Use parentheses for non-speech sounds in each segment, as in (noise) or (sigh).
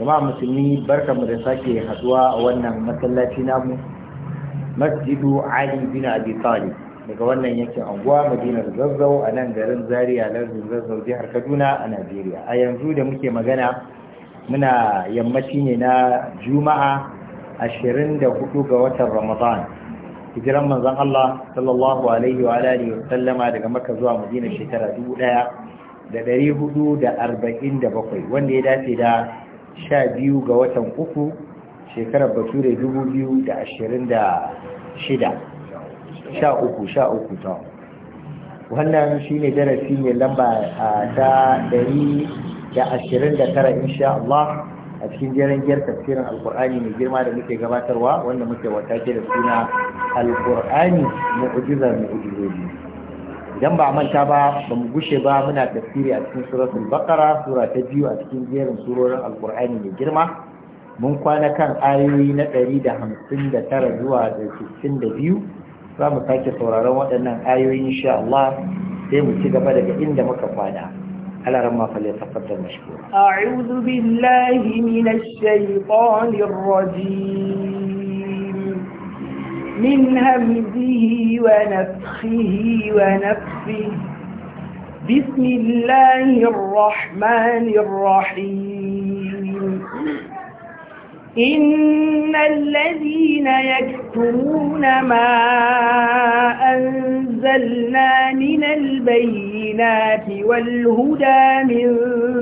jama'a musulmi barka mu da sake haduwa a wannan masallaci namu masjidu ali bin abi talib daga wannan yankin anguwa madinar zazzau a nan garin zaria lardin zazzau jihar kaduna a najeriya a yanzu da muke magana muna yammaci ne na juma'a ashirin 24 ga watan ramadan hijiran manzon Allah sallallahu alaihi wa alihi wa sallama daga Makka zuwa Madina shekara bakwai wanda ya dace da sha biyu ga watan uku shekarar bature dubu biyu da ashirin da shida sha uku sha uku ta wannan shi ne darasi mai lamba ta dari da ashirin da tara insha Allah a cikin jerin giyar tafsirin alkur'ani mai girma da muke gabatarwa wanda muke wata ke da suna alkur'ani mai ujizoji idan ba manta ba ba mu gushe ba muna tafsiri a cikin suratul baqara sura ta biyu a cikin jerin surorin alqur'ani mai girma mun kwana kan ayoyi na 159 zuwa da 62 za mu sake sauraron waɗannan ayoyi insha Allah sai mu ci gaba daga inda muka kwana على رما فليتفضل مشكورا أعوذ بالله من الشيطان الرجيم من همزه ونفخه ونفخه بسم الله الرحمن الرحيم إن الذين يكتمون ما أنزلنا من البينات والهدى من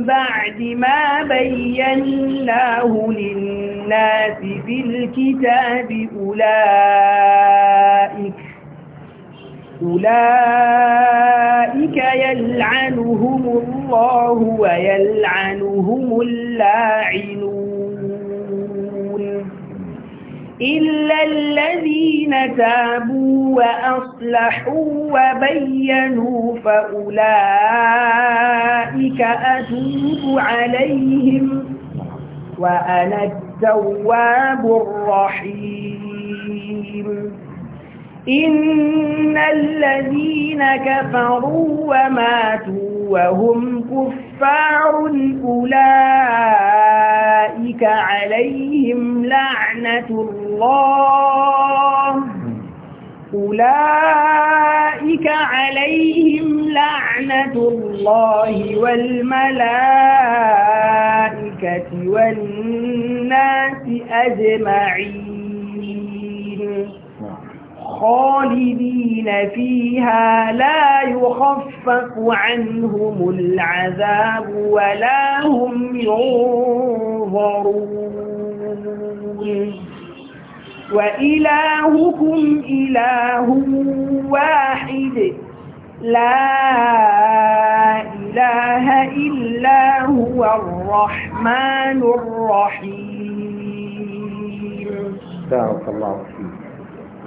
بعد ما بيناه للناس في الكتاب أولئك أولئك يلعنهم الله ويلعنهم اللاعنون إلا الذين تابوا وأصلحوا وبينوا فأولئك أتوب عليهم وأنا التواب الرحيم إن الذين كفروا وماتوا وهم كفار أولئك عليهم لعنة الله أولئك عليهم لعنة الله والملائكة والناس أجمعين خالدين فيها لا يخفف عنهم العذاب ولا هم ينظرون وإلهكم إله واحد لا إله إلا هو الرحمن الرحيم بارك الله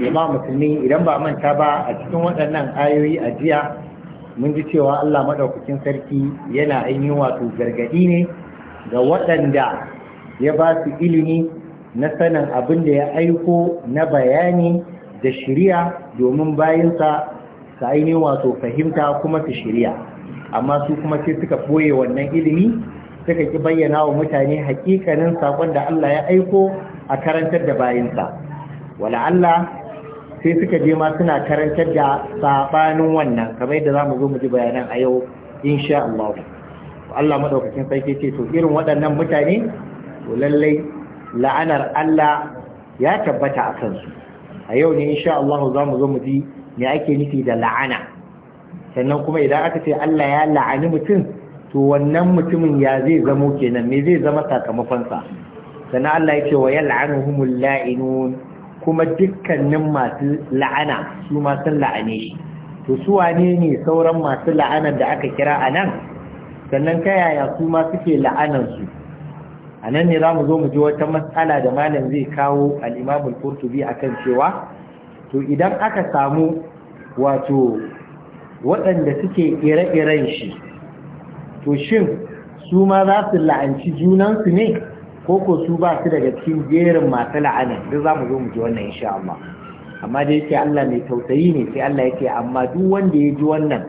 imam musulmi idan ba manta ba a cikin waɗannan ayoyi a jiya mun ji cewa Allah maɗaukakin sarki yana ainihin wato gargadi ne ga waɗanda ya ba su ilimi na sanin abin da ya aiko na bayani da shirya domin bayansa su ainihin wato fahimta kuma su shirya amma su kuma sai suka ɓoye wannan ilimi suka ki bayyana wa mutane hakikanin saƙon da Allah ya aiko a karantar da bayansa wala Allah sai suka je ma suna karantar da sabanin wannan kamar yadda zamu zo mu ji bayanan a yau insha Allah Allah madaukakin sarki ce to irin waɗannan mutane to lalle la'anar Allah ya tabbata a kansu a yau ne insha Allah zamu zo mu ji me ake nufi da la'ana sannan kuma idan aka ce Allah ya la'ani mutum to wannan mutumin ya zai zamo kenan me zai zama sakamakonsa sannan Allah ya ce wa yal'anuhumul la'inun kuma dukkanin masu la'ana su ma sun la'ane shi to su wane ne sauran masu la'anar da aka kira a nan sannan ka yaya su ma suke la'anansu a nan ne za mu zo mu ji wata matsala da malam zai kawo al'imamul kurtubi a kan cewa to idan aka samu wato waɗanda suke ire-iren shi to shin su ma za su la'anci junansu ne ko ko su ba su daga cikin jerin masu la'ana duk za mu zo mu ji wannan insha Allah amma dai yake Allah mai tausayi ne sai Allah yake amma duk wanda ya ji wannan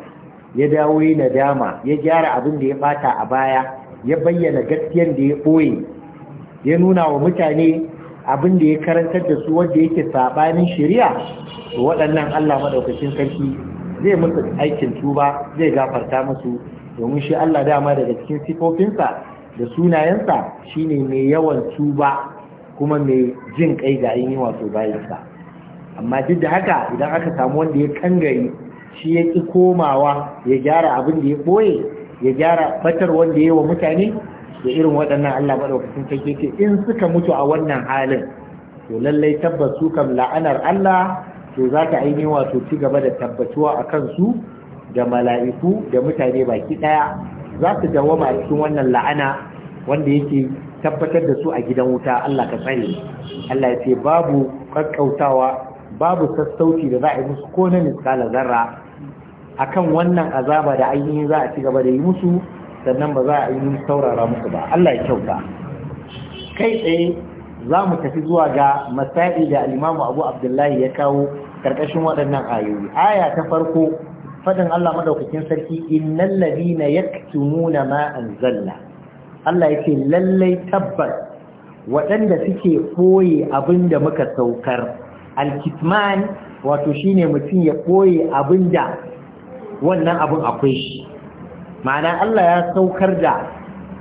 ya dawo ya nadama ya gyara abin da ya bata a baya ya bayyana gaskiyar da ya boye ya nuna wa mutane abin da ya karantar da su wanda yake sabanin shari'a to waɗannan Allah madaukakin sarki zai musu aikin tuba zai gafarta musu domin shi Allah dama daga cikin sifofinsa da sunayensa shine mai yawan tuba kuma mai jin kai ga ainihin wato bayansa amma duk da haka idan aka samu wanda ya kangari shi ya ƙi komawa ya gyara abin da ya ɓoye ya gyara fatar wanda ya yi wa mutane da irin waɗannan Allah maɗaukakin kai ce in suka mutu a wannan halin to lallai tabbas su kam la'anar Allah to za ka ainihin wato ci gaba da tabbatuwa a kansu da mala'iku da mutane baki ɗaya za su dawama a cikin wannan la'ana wanda yake tabbatar da su a gidan wuta Allah ka tsare Allah ya ce babu kakkautawa babu sassauci da za a yi musu ko na miskala zarra akan wannan azaba da ainihin za a ci gaba da yi musu sannan ba za a yi saurara musu ba Allah ya kyauta kai tsaye za mu tafi zuwa ga masa'i da alimamu abu abdullahi ya kawo karkashin waɗannan ayoyi aya ta farko fadin Allah madaukakin sarki innal ladina yaktumuna ma anzalna Allah yake lallai tabbas waɗanda suke koye abin da muka saukar alkitman wato shine mutum ya koye abin wannan abin akwai shi ma'ana Allah ya saukar da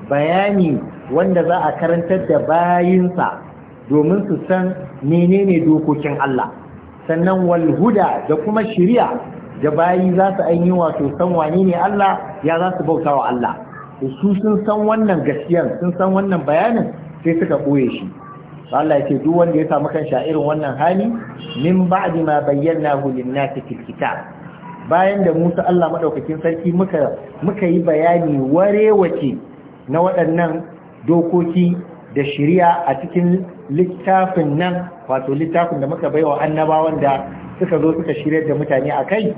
bayani wanda za a karantar da bayinsa domin su san menene dokokin Allah sannan walhuda da kuma shiriya da bayi za su ainihin wato san wane ne Allah ya za su bauta wa Allah su sun san wannan gaskiyar sun san wannan bayanin sai suka ɓoye shi Allah ya ce duk wanda ya samu kan irin wannan hali min ba'di ma bayyanahu lin-nasi bayan da Musa Allah madaukakin sarki muka muka yi bayani warewace na waɗannan dokoki da shari'a a cikin littafin nan wato littafin da muka baiwa annabawan da suka zo suka shirya da mutane a kai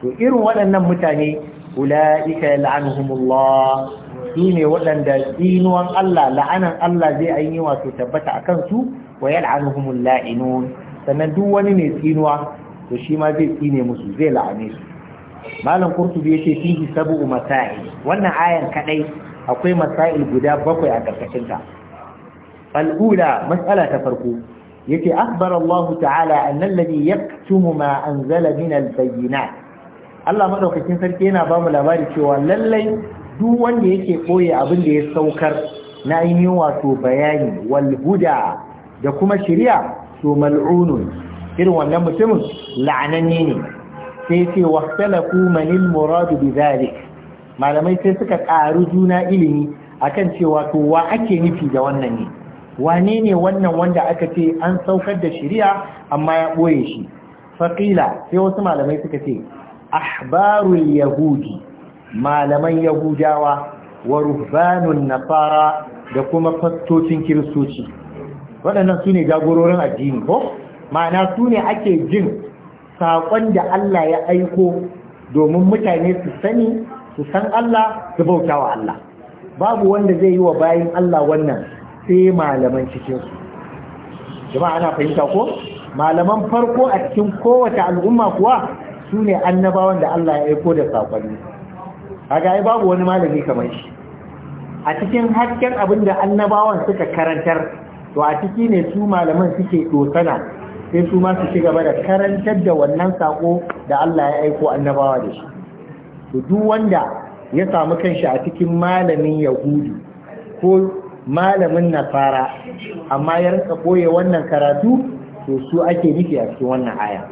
to irin waɗannan mutane ula'ika la'anuhumullah su ne waɗanda tsinuwan Allah la'anan Allah zai ainihi wato tabbata a kansu wa yal'anuhumul la'inun sannan duk wani ne tsinuwa to shi ma zai tsine musu zai la'ane su malam ya ce fihi sab'u masail wannan ayan kadai akwai masail guda bakwai a karkashin ta al mas'ala ta farko yake akbar Allah ta'ala annal ya yaktumu ma zala min al Allah maɗaukacin sarki yana ba mu labari cewa lallai duk wanda yake ɓoye abin da ya saukar na ainihin wato bayani wal huda da kuma shirya to mal'unun irin wannan mutumin la'ananne ne sai ce waxtalaku manil muradu zalik malamai sai suka ƙaru juna ilimi akan cewa to wa ake nufi da wannan ne wane ne wannan wanda aka ce an saukar da shari'a amma ya ɓoye shi faƙila sai wasu malamai suka ce ahbarun yahudi malaman yahudawa wa ruhbanun nasara da kuma fastocin kiristoci waɗannan su ne jagororin addini ko ma'ana su ne ake jin saƙon da Allah ya aiko domin mutane su sani su san Allah su bauta wa Allah babu wanda zai yi wa bayan Allah wannan sai malaman su jama'a ana fahimta ko malaman farko a cikin kowace al'umma kuwa su ne annabawan da Allah ya aiko da saƙonni kaga ai babu wani malami kamar shi a cikin hasken abin da annabawan suka karantar to a ciki ne su malaman suke dosana sai su ma su ci gaba da karantar da wannan sako da Allah ya aiko annabawa da shi to duk wanda ya samu kanshi a cikin malamin yahudi ko malamin nasara amma ya rinka koye wannan karatu to su ake nufi a cikin wannan aya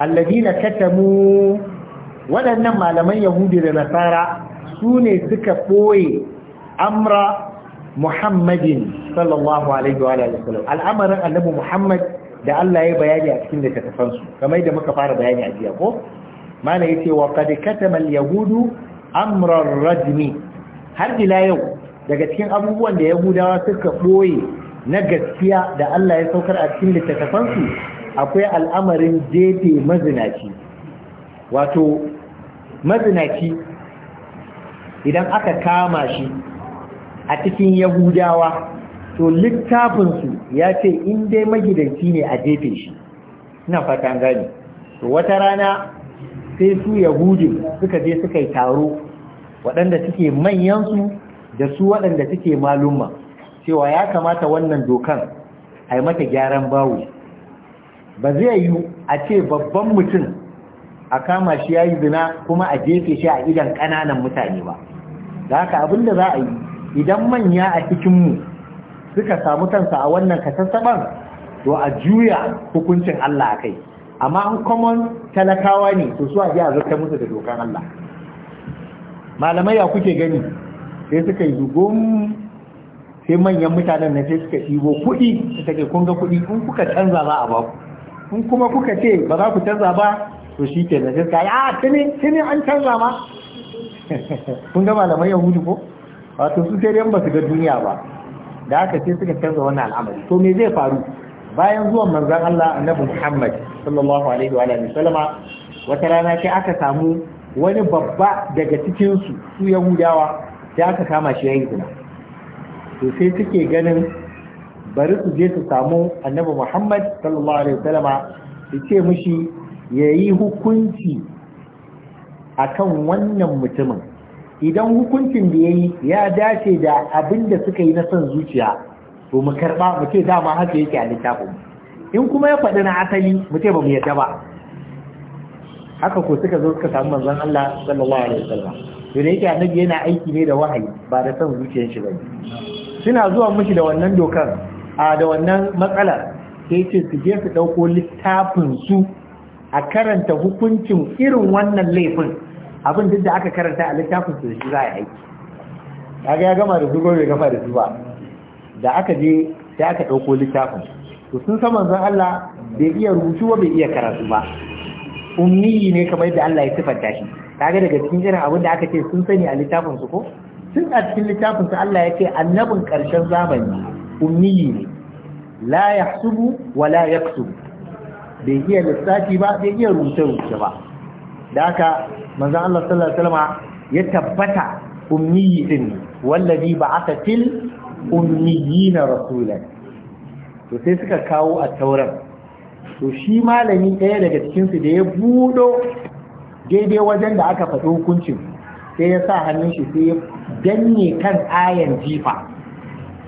alladina katamu waɗannan malaman yahudi da nasara su ne suka ɓoye amra muhammadin sallallahu alaihi wa sallam al'amarin annabi muhammad da Allah ya bayani a cikin littattafansu kamar da muka fara bayani a jiya ko mana yace wa qad katama al-yahudu amra ar-rajmi har ila yau daga cikin abubuwan da yahudawa suka ɓoye na gaskiya da Allah ya saukar a cikin littattafansu akwai al'amarin jefe mazinaci wato mazinaci idan aka kama shi a cikin yahudawa to littafinsu ya ce in dai magidanci ne a jefe shi ina fatan gani to wata rana sai su yahudin suka je suka yi taro waɗanda suke manyansu da su waɗanda suke malumma cewa ya kamata wannan dokan a yi mata gyaran bawu ba zai yi a ce babban mutum a kama shi ya yi zina kuma a jefe shi a idan ƙananan mutane ba da haka abin da za a yi idan manya a cikinmu suka samu kansa a wannan kasassaban to a juya hukuncin Allah a kai amma an common talakawa ne to su a ji a zartar musu da dokan Allah malamai ya kuke gani sai suka yi dugun sai manyan mutanen na sai suka ɗibo kuɗi da take kun ga kuɗi kun kuka canza ba a ba ku in kuma kuka ce ba za ku canza ba to shi ke na jiska ya? Ah, tuni tuni an canza ma (laughs) kun ga malamai yahudu ko wato su sai dai ba su ga duniya ba da haka sai suka canza wannan al'amari to me zai faru bayan zuwan manzon Allah annabi Muhammad sallallahu alaihi wa alihi sallama wata rana sai aka samu wani babba daga cikin su su Yahudawa sai aka kama shi yayi zina to sai suke ganin bari su je su samu annabi Muhammad sallallahu alaihi wasallama su ce mishi yayi hukunci akan wannan mutumin idan hukuncin da yayi ya dace da abin da suka yi na son zuciya to mu karba mu ce dama haka yake a littafin in kuma ya faɗi na asali mu ce ba mu yadda ba haka ko suka zo suka samu manzon Allah sallallahu alaihi wasallam to da yake annabi yana aiki ne da wahayi ba da san zuciyar shi ba suna zuwa mishi da wannan dokar a da wannan matsala sai ce su je su dauko littafin su a karanta hukuncin irin wannan laifin abin duk da aka karanta a littafin su shi za a aiki kaga ya gama da su bai gama da su ba da aka je sai aka dauko littafin to sun san manzon Allah bai iya rubutu ba bai iya karatu ba Ummiyi ne kamar yadda Allah ya sifanta shi kaga daga cikin irin abin da aka ce sun sani a littafin su ko tun a cikin littafin su Allah ya ce annabin karshen zamani Ummiyi ne la yahsubu wa la bai iya lissafi ba bai iya rubuta rubuce ba da haka manzon Allah sallallahu alaihi wasallam ya tabbata ummiyi din wallazi ba'atha fil ummiyina rasulan to sai suka kawo a tauran to shi malami ɗaya daga cikinsu da ya buɗo daidai wajen da aka faɗi hukuncin sai ya sa hannun shi sai ya danne kan ayan jifa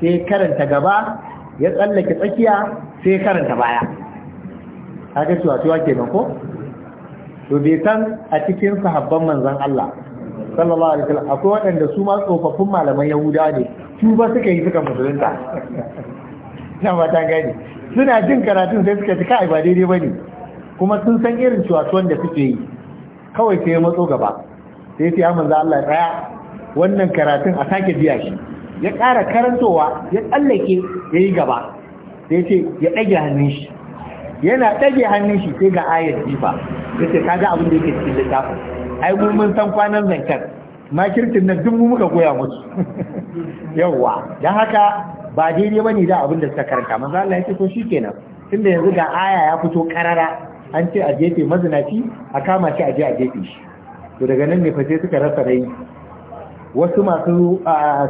sai karanta gaba ya tsallake tsakiya sai karanta baya haka cewa cewa nan ko to bai san a cikin sahabban manzon Allah sallallahu alaihi wasallam akwai waɗanda su ma tsofaffin malaman yahudawa ne su ba suka yi suka musulunta ba (laughs) ta gani suna jin karatun sai suka ci kai ba daidai bane kuma sun san irin cuwatuwan da suke yi kawai sai ya matso gaba sai sai ya za Allah tsaya wannan karatun a sake biya shi ya ƙara karantowa ya tsallake ya yi gaba sai ce ya ɗage hannun shi yana ɗage hannun shi sai ga ayar jifa ya ce kaga abin da yake cikin littafin ai mu mun san kwanan zancen makircin nan duk mu muka goya musu (laughs) yawwa don haka ba daidai ba ne da abin da suka karanta manzo Allah ya ce to shikenan tunda yanzu ga aya ya fito karara an ce a jefe mazinaci a kama shi a je a jefe shi to daga nan ne fa sai suka rasa rai wasu masu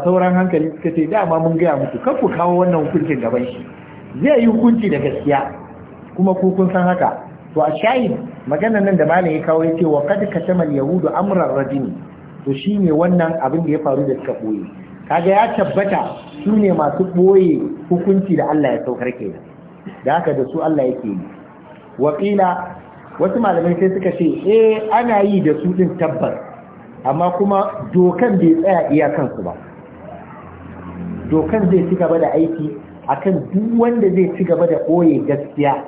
sauran hankali suka ce dama mun gaya muku kan ku kawo wannan hukuncin gaban shi zai yi hukunci da gaskiya kuma ku kun san haka to a shayi maganar nan da malam ya kawo ya ce wa kad katamal yahudu amran rajini to shine wannan abin da ya faru da suka koyi kaga ya tabbata su ne masu ɓoye hukunci da Allah ya saukar kenan da haka da su Allah yake yi wakila wasu malamai sai suka ce eh ana yi da su ɗin tabbas amma kuma dokan bai tsaya kansu ba dokan zai ci gaba da aiki akan duk wanda zai ci gaba da ɓoye gaskiya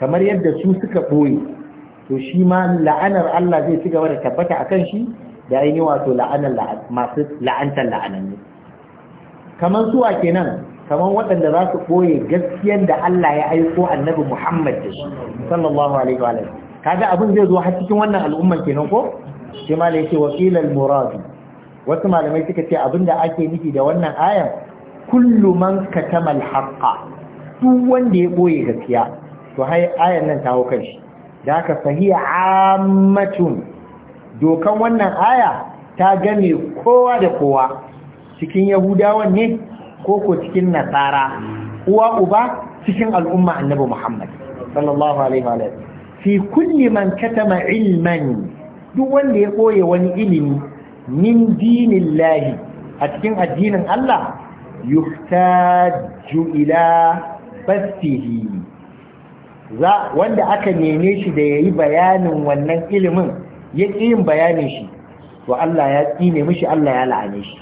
kamar yadda su suka ɓoye to shi ma la'anar Allah zai ci gaba da tabbata akan shi da ainihin wato la'anar masu la'antar la'anannu kamar suwa kenan kamar waɗanda za su koye gaskiyar da Allah ya aiko annabi Muhammad da shi sallallahu alaihi wa alihi kaga abin zai zo har cikin wannan al'umma kenan ko shi ma yake murad wasu malamai suka ce abinda ake nufi da wannan aya kullu man katama al-haqqa duk wanda ya boye gaskiya to hai ayan nan ta hukan shi da haka sahiya ammatun dokan wannan aya ta gane kowa da kowa cikin yahudawan ne ko ko cikin nasara uwa uba cikin al'umma annabi muhammad sallallahu alaihi wa fi kulli man katama ilman duk wanda ya koye wani ilimi min dinillahi a cikin addinin Allah yuhtaju ila bastihi za wanda aka neme shi da yayi bayanin wannan ilimin ya yin bayanin shi to Allah ya tsine mishi Allah ya la'ane shi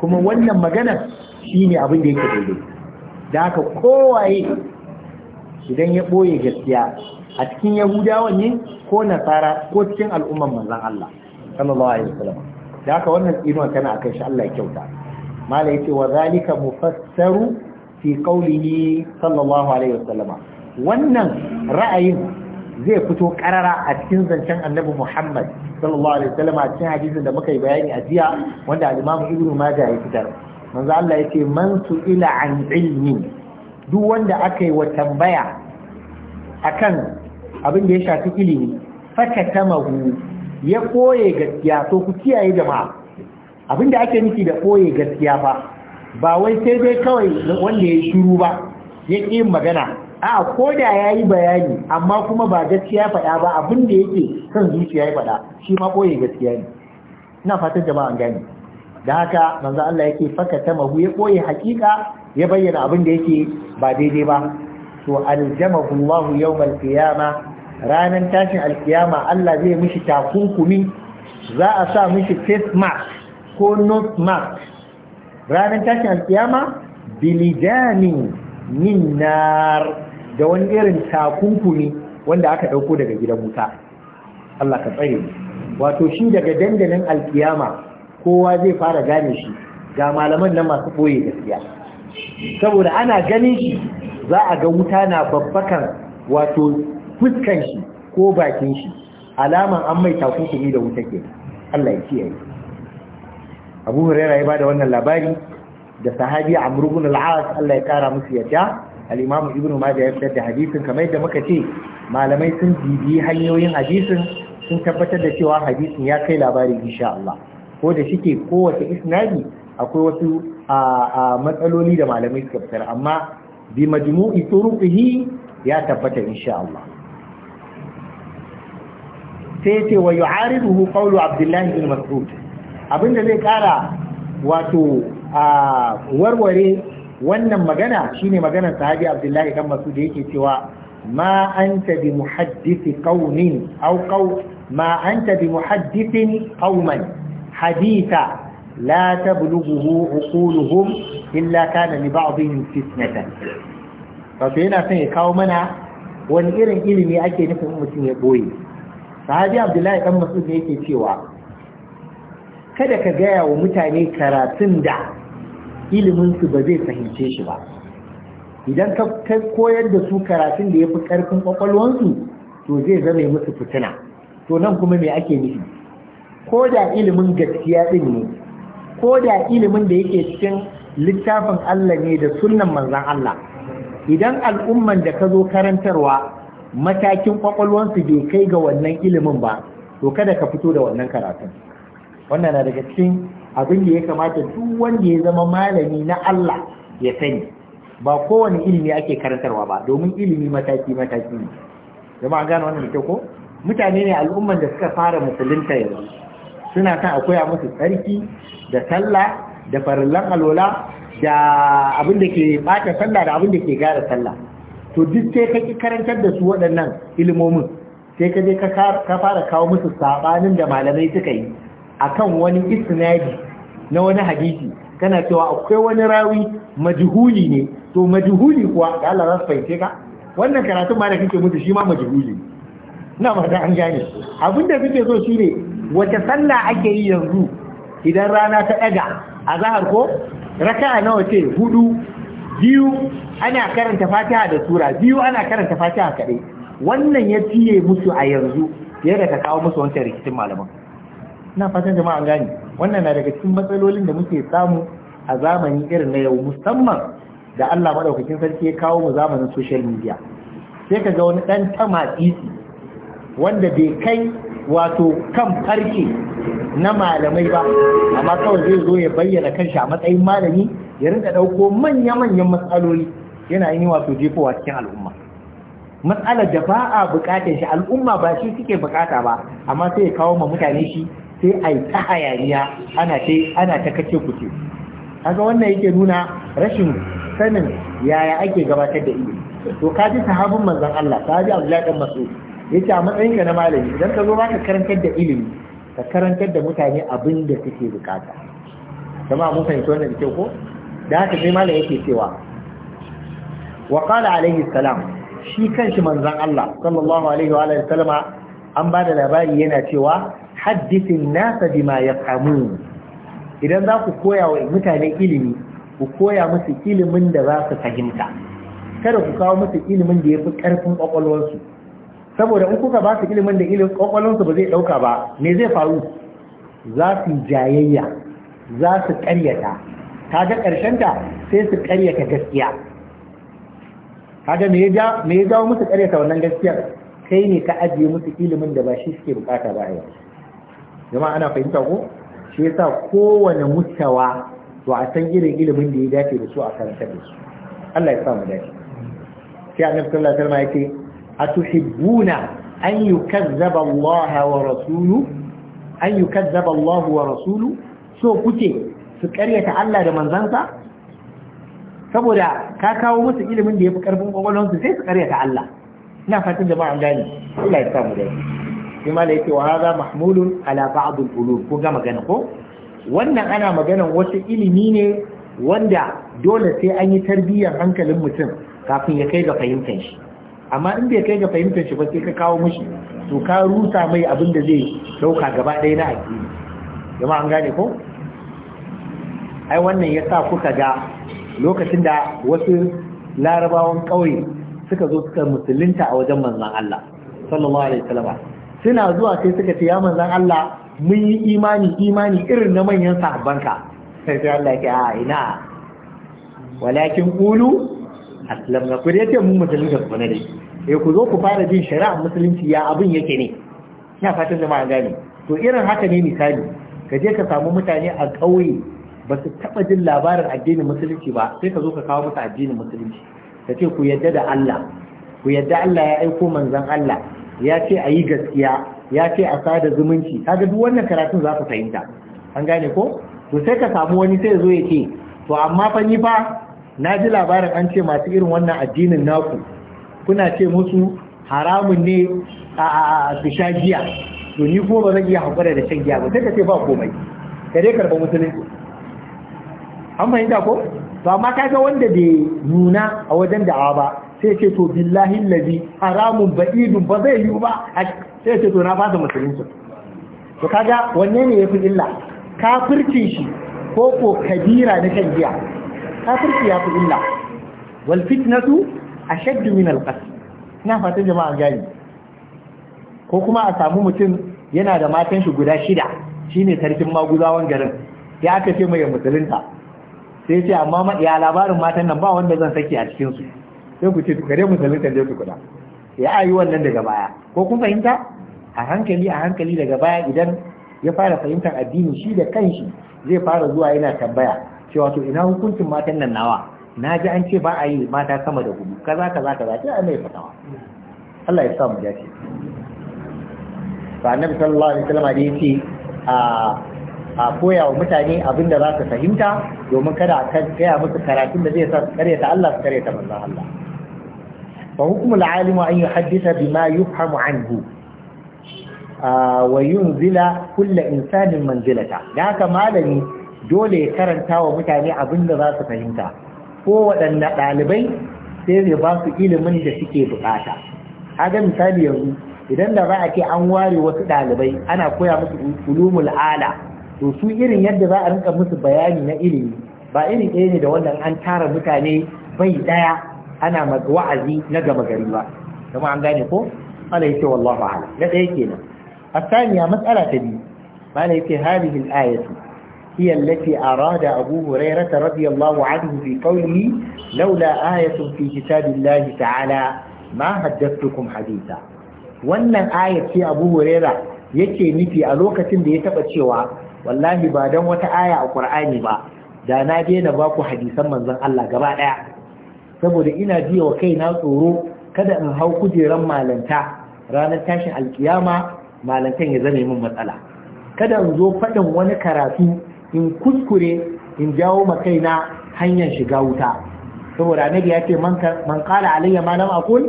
kuma wannan magana ne abin da yake daidai da haka kowaye idan ya ɓoye gaskiya a cikin yahudawan ne ko nasara ko cikin al'umman manzon Allah sallallahu alaihi wasallam da haka wannan tsinuwa tana akan shi Allah ya kyauta mala yace wa zalika mufassaru fi qawlihi sallallahu alaihi wasallam wannan ra'ayin zai fito karara a cikin zancen annabi Muhammad sallallahu alaihi wasallam a cikin hadisin da muka yi bayani a jiya wanda al-Imam Ibn Majah ya fitar manzo Allah yace man su ila an ilmi duk wanda aka yi wa tambaya akan abin da ya shafi ilimi fakatamahu ya koye gaskiya to ku kiyaye jama'a abin da ake nufi da koye gaskiya fa ba wai sai dai kawai wanda ya shiru ba ya yin magana a ko da ya yi bayani amma kuma ba gaskiya faɗa ba abin da yake kan zuciya ya faɗa shi ma ɓoye gaskiya ne ina fatan jama'a an gani da haka manzo Allah yake faka ta mahu ya ɓoye hakika ya bayyana abin da yake ba daidai ba to aljamahu Allah yawmal qiyama ranan tashin alkiyama Allah zai mishi takunkumi za a sa mishi face mask ko nose mask ranan tashin alkiyama bilijani min nar da wani irin takunkumi wanda aka ɗauko daga gidan wuta Allah ka tsare mu. wato shi daga dandalin alkiyama kowa zai fara gane shi ga malaman nan masu ɓoye gaskiya saboda ana ganin shi za a ga wuta na babbakan wato fuskan shi ko bakin shi alaman an mai takunkumi da wuta ke Allah ya kiyaye Abu Hurairah ya bada wannan labari da sahabi Amr ibn al-As Allah ya kara musu yadda Alimamu Ibn ibnu majah ya fitar da hadisin kamar yadda muka ce malamai sun bibiyi hanyoyin hadisin sun tabbatar da cewa hadisin ya kai labari insha Allah ko da shike kowace isnadi akwai wasu matsaloli da malamai suka fitar amma bi majmu'i turuqihi ya tabbata insha Allah sai ce wa yu'ariduhu qawlu Abdullah ibn Mas'ud abinda zai kara wato warware wannan magana shine maganar sahabi abdullahi kan masu da yake cewa ma anta bi muhaddisi qaumin aw qaw ma anta bi muhaddisin qauman haditha la uquluhum illa kana li ba'dihim fitnatan to yana son ya kawo mana wani irin ilimi ake nufin mutum ya boye sahabi abdullahi kan masu da yake cewa kada ka gaya wa mutane karatun da iliminsu ba zai fahimce shi ba idan ka koyar da su karatun da ya fi ƙarfin ƙwaƙwalwansu to zai zama musu fitina to nan kuma me ake nufi ko da ilimin gaskiya ɗin ne ko da ilimin da yake cikin littafin Allah ne da sunnan manzan Allah idan al'umman da ka zo karantarwa matakin ƙwaƙwalwansu bai kai ga wannan ilimin ba to kada ka fito da wannan karatun wannan na daga cikin abin da ya kamata duk wanda ya zama malami na Allah ya sani ba kowane ilimi ake karantarwa ba domin ilimi mataki mataki ne kuma an gano wannan ko mutane ne al'umman da suka fara musulunta yanzu suna kan akwai a musu tsarki da sallah da farillan alwala da abin da ke bata sallah da abin da ke gara sallah to duk sai ka ki karantar da su waɗannan ilimomin sai ka je ka fara kawo musu sabanin da malamai suka yi akan wani isnadi na wani hadisi kana cewa akwai wani rawi majhuli ne to majhuli kuwa da Allah za fahimce ka wannan karatun ma da kake mutu shi ma majhuli ina ba an gane abin da kake so shine wace sallah ake yi yanzu idan rana ta daga azhar ko raka'a nawa ce hudu biyu ana karanta fatiha da sura biyu ana karanta fatiha kadai wannan ya fiye musu a yanzu fiye da ka kawo musu wancan rikicin malaman ina fatan jama'a gani wannan na daga cikin matsalolin da muke samu a zamani irin na yau musamman da Allah madaukakin sarki ya kawo mu zamanin social media sai ka ga wani dan tamatsisi wanda bai kai wato kan farke na malamai ba amma kawai zai zo ya bayyana kanshi a matsayin malami ya rinka dauko manya-manyan matsaloli yana yin wato jefowa cikin al'umma matsalar da ba a bukatar shi al'umma ba shi suke bukata ba amma sai ya kawo ma mutane shi sai a yi ta hayaniya ana ta ana ta kace kuce kaga wannan yake nuna rashin sanin yaya ake gabatar da ilimi to ka ji sahabin manzon Allah ka ji Abdullahi dan Mas'ud yace a matsayin ka na malami idan ka zo ba ka karantar da ilimi ka karantar da mutane abin da suke bukata kuma mun fahimci wannan da ko da haka sai malam yake cewa wa qala alaihi salam shi kanshi manzon Allah sallallahu alaihi wa alihi sallama an ba da labari yana cewa haddisin nasa bima kamu idan za ku koya wa mutane ilimi ku koya musu ilimin da za su fahimta kada ku kawo musu ilimin da ya fi karfin kwakwalwarsu saboda in kuka ba su ilimin da ilimin kwakwalwarsu ba zai dauka ba me zai faru za su jayayya za su karyata karshen ta sai su karyata gaskiya kaga me ya jawo musu karyata wannan gaskiyar kai ne ka ajiye musu ilimin da ba shi suke bukata ba yau jama'a ana fahimta ko shi yasa kowane mutawa to a san irin ilimin da ya dace da su a karanta da su Allah ya sa mu dace sai annabi sallallahu alaihi wasallam yake atuhibbuna an yukazzaba Allah wa rasulu an yukazzaba Allah wa rasulu so kuke su karyata Allah da manzansa saboda ka kawo musu ilimin da yafi karfin kwakwalwarsu sai su karyata Allah ina fatan jama'a gani Allah ya sa mu dace shi ma yake wa haza mahmulun ala ba'dul ulum ko ga magana ko wannan ana maganan wasu ilimi ne wanda dole sai an yi tarbiyyar hankalin mutum kafin ya kai ga fahimtar shi amma in bai kai ga fahimtar shi ba sai ka kawo mishi to ka rusa mai abin da zai dauka gaba ɗaya na addini jama an gane ko ai wannan yasa kuka ga lokacin da wasu larabawan ƙauye suka zo suka musulunta a wajen manzon Allah sallallahu alaihi wasallam suna zuwa sai suka ce ya manzan Allah mun yi imani imani irin na manyan sahabbanka sai sai Allah ya a ah, ina walakin qulu aslamna ku dai ce mun musulunci ku ne dai eh ku zo ku fara jin shari'a musulunci ya abin yake ne ina fatan jama'a gane to irin haka ne misali ka je ka samu mutane a ƙauye ba su taɓa jin labarin addinin musulunci ba sai ka zo ka kawo musu addinin musulunci ka ce ku yadda da Allah ku yadda Allah ya aiko manzon Allah ya ce a yi gaskiya ya ce a sada zumunci kaga duk wannan karatun za ka fahimta an gane ko to sai ka samu wani sai zo ya ce to amma fa ni fa na ji labarin an ce masu irin wannan addinin naku kuna ce musu haramun ne a su giya to ni ko ba zan iya hakura da shan giya ba sai ka ce ba komai ka dai karɓa musulunci an fahimta ko to amma kaga wanda bai nuna a wajen da'awa ba sai ce to billahi lazi haramun ba'idun ba zai yi ba sai ce to na fasa musulunci to kaga wanne ne yafi illa kafirci shi ko ko kabira na kan giya kafirci ya fi illa wal fitnatu ashaddu min al qatl ina fatan jama'a gani ko kuma a samu mutum yana da matan shi guda shida shine sarkin maguzawan garin ya aka mai musulunta sai ce amma ya labarin matan nan ba wanda zan saki a cikin su sai ku ce kare musulunta je tukuna ya ayi wannan daga baya ko kun fahimta a hankali a hankali daga baya idan ya fara fahimtar addini shi da kanshi zai fara zuwa yana tambaya cewa to ina hukuncin matan nan nawa na ji an ce ba a yi mata sama da hudu kaza kaza kaza ce an mai fatawa Allah ya samu dace fa annabi sallallahu alaihi wasallam da yace a a koya wa mutane abin da za su fahimta domin kada a kaya musu karatun da zai sa su karyata Allah su karyata manzon Allah fa hukumul alimu an yuhaddisa bima yufhamu anhu wa yunzila kullu insanin manzilata Ya haka malami dole ya karanta wa mutane abin da za su fahimta ko waɗanne ɗalibai sai zai ba su ilimin da suke bukata haga misali yanzu idan da za a ce an ware wasu ɗalibai ana koya musu ulumul ala to su irin yadda za a rinka musu bayani na ilimi ba irin ɗaya ne da wannan an tara mutane bai ɗaya ana wa'azi na gama gari ba kuma an gane ko Allah yake wallahu a'lam na ɗaya kenan الثانية مسألة تبي ما في هذه الآية هي التي أراد أبو هريرة رضي الله عنه في قوله لولا آية في كتاب الله تعالى ما حدثتكم حديثا wannan ayar ce Abu Huraira yake nufi a lokacin da ya taɓa cewa wallahi ba dan wata aya a Qur'ani ba da na daina baku hadisan manzon Allah gaba ɗaya. saboda ina ji wa kaina tsoro kada in hau kujeran malanta ranar tashin alkiyama malantan ya zame min matsala kada in zo faɗin wani karatu in kuskure in jawo ma kaina hanyar shiga wuta saboda annabi ya ce man qala alayya ma lam aqul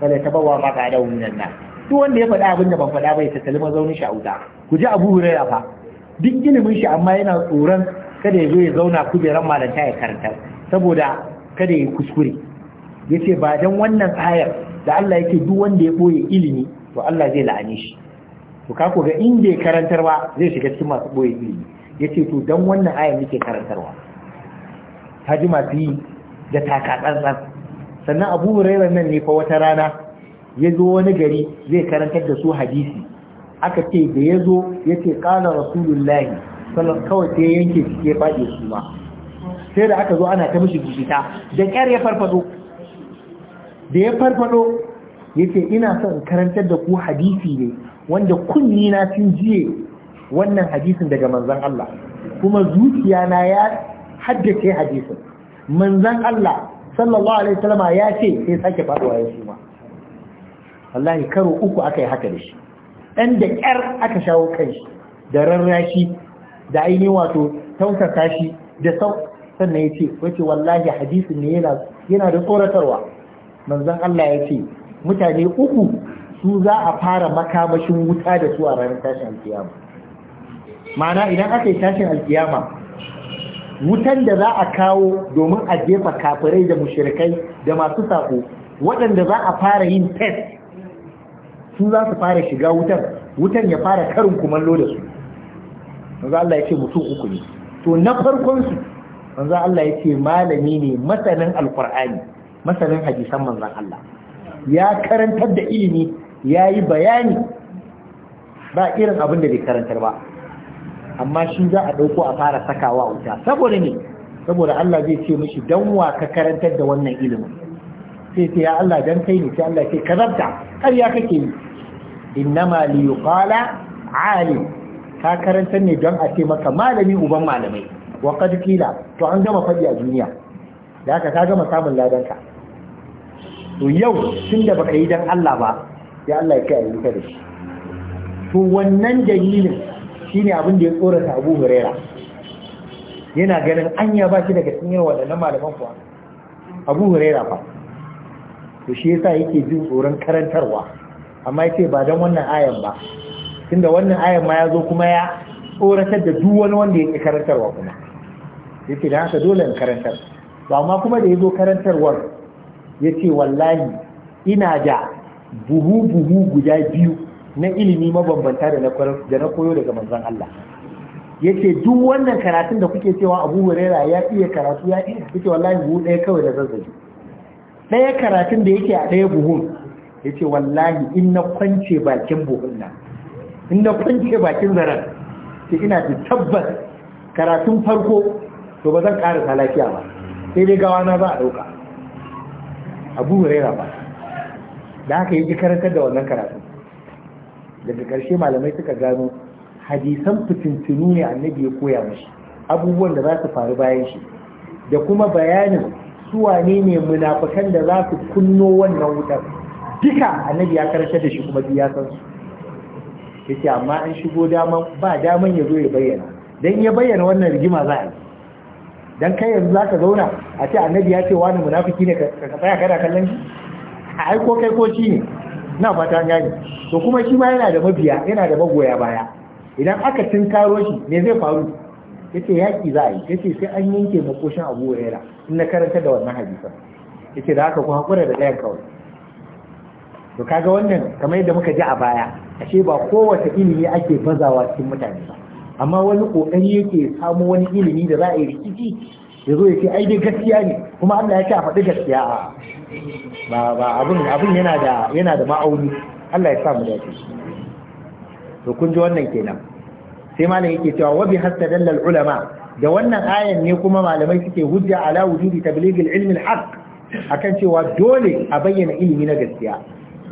fala tabawa ma qa'ada minan na? duk wanda ya faɗa abin da ban faɗa ba ya tattali mazaunin shi a wuta ku ji Abu Hurairah fa duk ilimin shi amma yana tsoron kada ya zo ya zauna kujeran malanta ya karanta saboda kada ya kuskure Ya ce ba don wannan ayar da Allah yake duk wanda ya boye ilimi to Allah zai la'ani shi to ka ga in da ya karantarwa zai shiga cikin masu boye ilimi Ya ce to don wannan ayar muke karantarwa ta ji masu yi da taka tsantsan sannan Abu Hurairah nan ne fa wata rana ya zo wani gari zai karantar da su hadisi aka ce da ya zo ya ce ƙala rasulullahi kawai sai yanke cike faɗi su ma sai da aka zo ana ta mishi gishita da ƙyar ya farfado da ya farfado ya ce ina son karantar da ku hadisi ne wanda kunni na sun jiye wannan hadisin daga manzan Allah kuma zuciya na ya haddace hadisin manzan Allah sallallahu alaihi wasallama ya ce sai sake faɗuwa ya shi ma wallahi karo uku aka yi haka da shi ɗan da ƙyar aka shawo kai da rarrashi da ainihin wato tausasa shi da sannan ya ce wace wallahi hadisin ne yana da tsoratarwa manzon Allah ya ce mutane uku su za a fara makamashin wuta da su a ranar tashin alkiyama ma'ana idan aka yi tashin alkiyama wutan da za a kawo domin a jefa kafirai da mushirikai da masu sako waɗanda za a fara yin test su za su fara shiga wutan wutan ya fara karin kumallo da su Allah ya ce mutum uku ne to na farkon su manzan Allah ya ce malami ne masanin alkur'ani masanin hadisan Manzan Allah ya karantar da ilimi ya yi bayani ba irin abin da bai karantar ba amma shi za a ɗauko a fara sakawa wuta saboda ne saboda Allah zai ce mishi dan wa ka karantar da wannan ilimin sai ce ya Allah dan kai ne sai Allah ce kazabta har ya kake yi innama li yuqala alim ka karantar ne don a ce maka malami uban malamai wa qad to an gama fadi a duniya da haka ka gama samun ladanka to yau tun da baka yi dan Allah ba ya Allah ya kai ayi da shi to wannan dalilin shine abin da ya tsorata Abu Huraira yana ganin anya ba shi daga cikin waɗannan malaman kuwa Abu Huraira fa to shi yasa yake jin tsoron karantarwa amma yace ba dan wannan ayan ba tunda wannan ayan ma ya zo kuma ya tsoratar da duk wani wanda yake karantarwa kuma yake da haka dole in karantar ba amma kuma da ya zo karantarwar ya ce wallahi ina da buhu-buhu guda biyu na ilimi mabambanta da na koyo daga manzon Allah ya ce duk wannan karatun da kuke cewa abu hurera ya iya karatu ya iya kuke wallahi buhu ɗaya kawai da zazzabi ɗaya karatun da yake a ɗaya buhun ya ce wallahi in na kwance bakin buhun nan in na kwance bakin zaren ce ina da tabbas karatun farko to ba zan karasa lafiya ba sai dai gawa na za a dauka abu huraira ba da haka yi karantar da wannan karatu daga ƙarshe malamai suka gano hadisan fitintinu ne annabi ya koya mashi abubuwan da za su faru bayan shi da kuma bayanin su wanene ne munafukan da za su kunno wannan wutar duka annabi ya karantar da shi kuma ya san su yace amma an shigo daman ba daman ya zo ya bayyana dan ya bayyana wannan rigima za a yi dan kai yanzu zaka zauna a ce annabi ya ce wani munafiki ne ka tsaya kana kallon shi ai ko kai ko shi ne na fata gane to kuma shi ma yana da mabiya yana da magoya baya idan aka tinkaro shi me zai faru yace yaki za a yi yace sai an yanke makoshin Abu Hurairah in na karanta da wannan hadisin yace da haka ku hakura da ɗayan kawai to kaga wannan kamar yadda muka ji a baya ashe ba kowace ilimi ake bazawa cikin mutane ba amma wani kokari yake samu wani ilimi da za a yi rikici ya zo ya ce ai dai gaskiya ne kuma Allah ya ce a faɗi gaskiya a ba ba yana da yana da ma'auni Allah ya sa mu dace to kun ji wannan kenan sai malam yake cewa wa bi hasadalla al ulama da wannan ayan ne kuma malamai suke hujja ala wujudi tabligh al ilm al haqq akan cewa dole a bayyana ilimi na gaskiya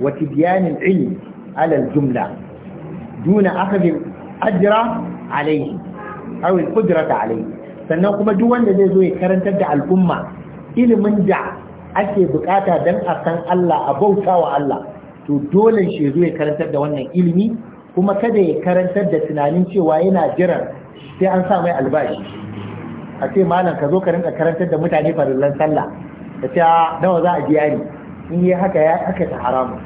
wa tibyan al ilm ala al jumla duna akhadh ajira. ajra alaihi aw al-qudrata sannan kuma duk wanda zai zo ya karantar da al'umma ilimin da ake bukata dan a san Allah a bautawa Allah to dole shi zo ya karantar da wannan ilimi kuma kada ya karantar da tunanin cewa yana jiran sai an sa mai albashi a ce malam ka zo ka rinka karantar da mutane farillan sallah ka ce ah, nawa za a biya ni in yi haka ya haka ta haramu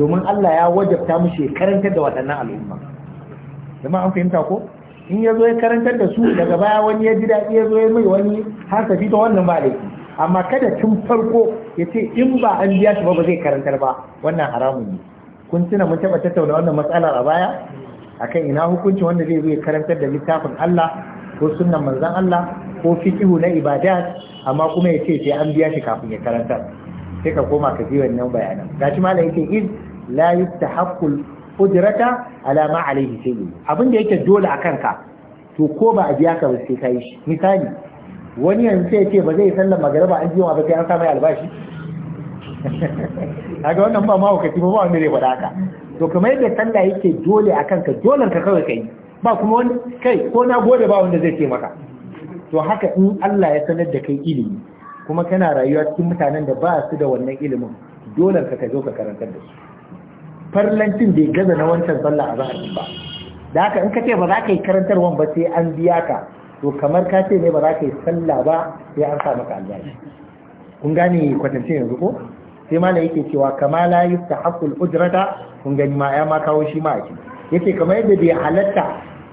domin Allah ya wajabta mu shi karantar da waɗannan al'umma zama an fahimta ko in ya zo ya karantar da su daga baya wani ya ji daɗi ya zo ya mai wani har tafi ta wannan ba amma kada tun farko ya ce in ba an biya shi ba ba zai karantar ba wannan haramun ne kun tuna mun taɓa tattauna wannan matsalar a baya akan ina hukunci wanda zai zo ya karantar da littafin Allah ko sunnan manzon Allah ko fiqhu na ibadat amma kuma ya ce sai an biya shi kafin ya karantar sai ka koma ka ji wannan bayanan gashi malam yake iz la yustahaqqu qudrata ala ma alayhi sai abin da yake dole a kanka to ko ba a biya ka ba sai kai shi misali wani yanzu sai ce ba zai sallar magariba an jiwa ba sai an sa mai albashi (laughs) kaga wannan ba ma wakati ba ba wanda zai faɗa ka to kamar yadda sallah yake dole a kanka dole ka kawai kai ba kuma wani kai ko na gode ba wanda zai ce maka to haka in Allah ya sanar da kai ilimi kuma kana rayuwa cikin mutanen da ba su da wannan ilimin dole ka ka zo ka karantar da su farlancin da ya gaza na wancan sallah a zahar ba da haka in ka ce ba za ka yi karantarwan ba sai an biya ka to kamar ka ce ne ba za ka yi sallah ba sai an sa maka albashi kun gane kwatance yanzu ko sai mala yake cewa kama la yustahaqqul ujirata kun gani ma ya ma kawo shi ma ake ce kamar yadda bai halatta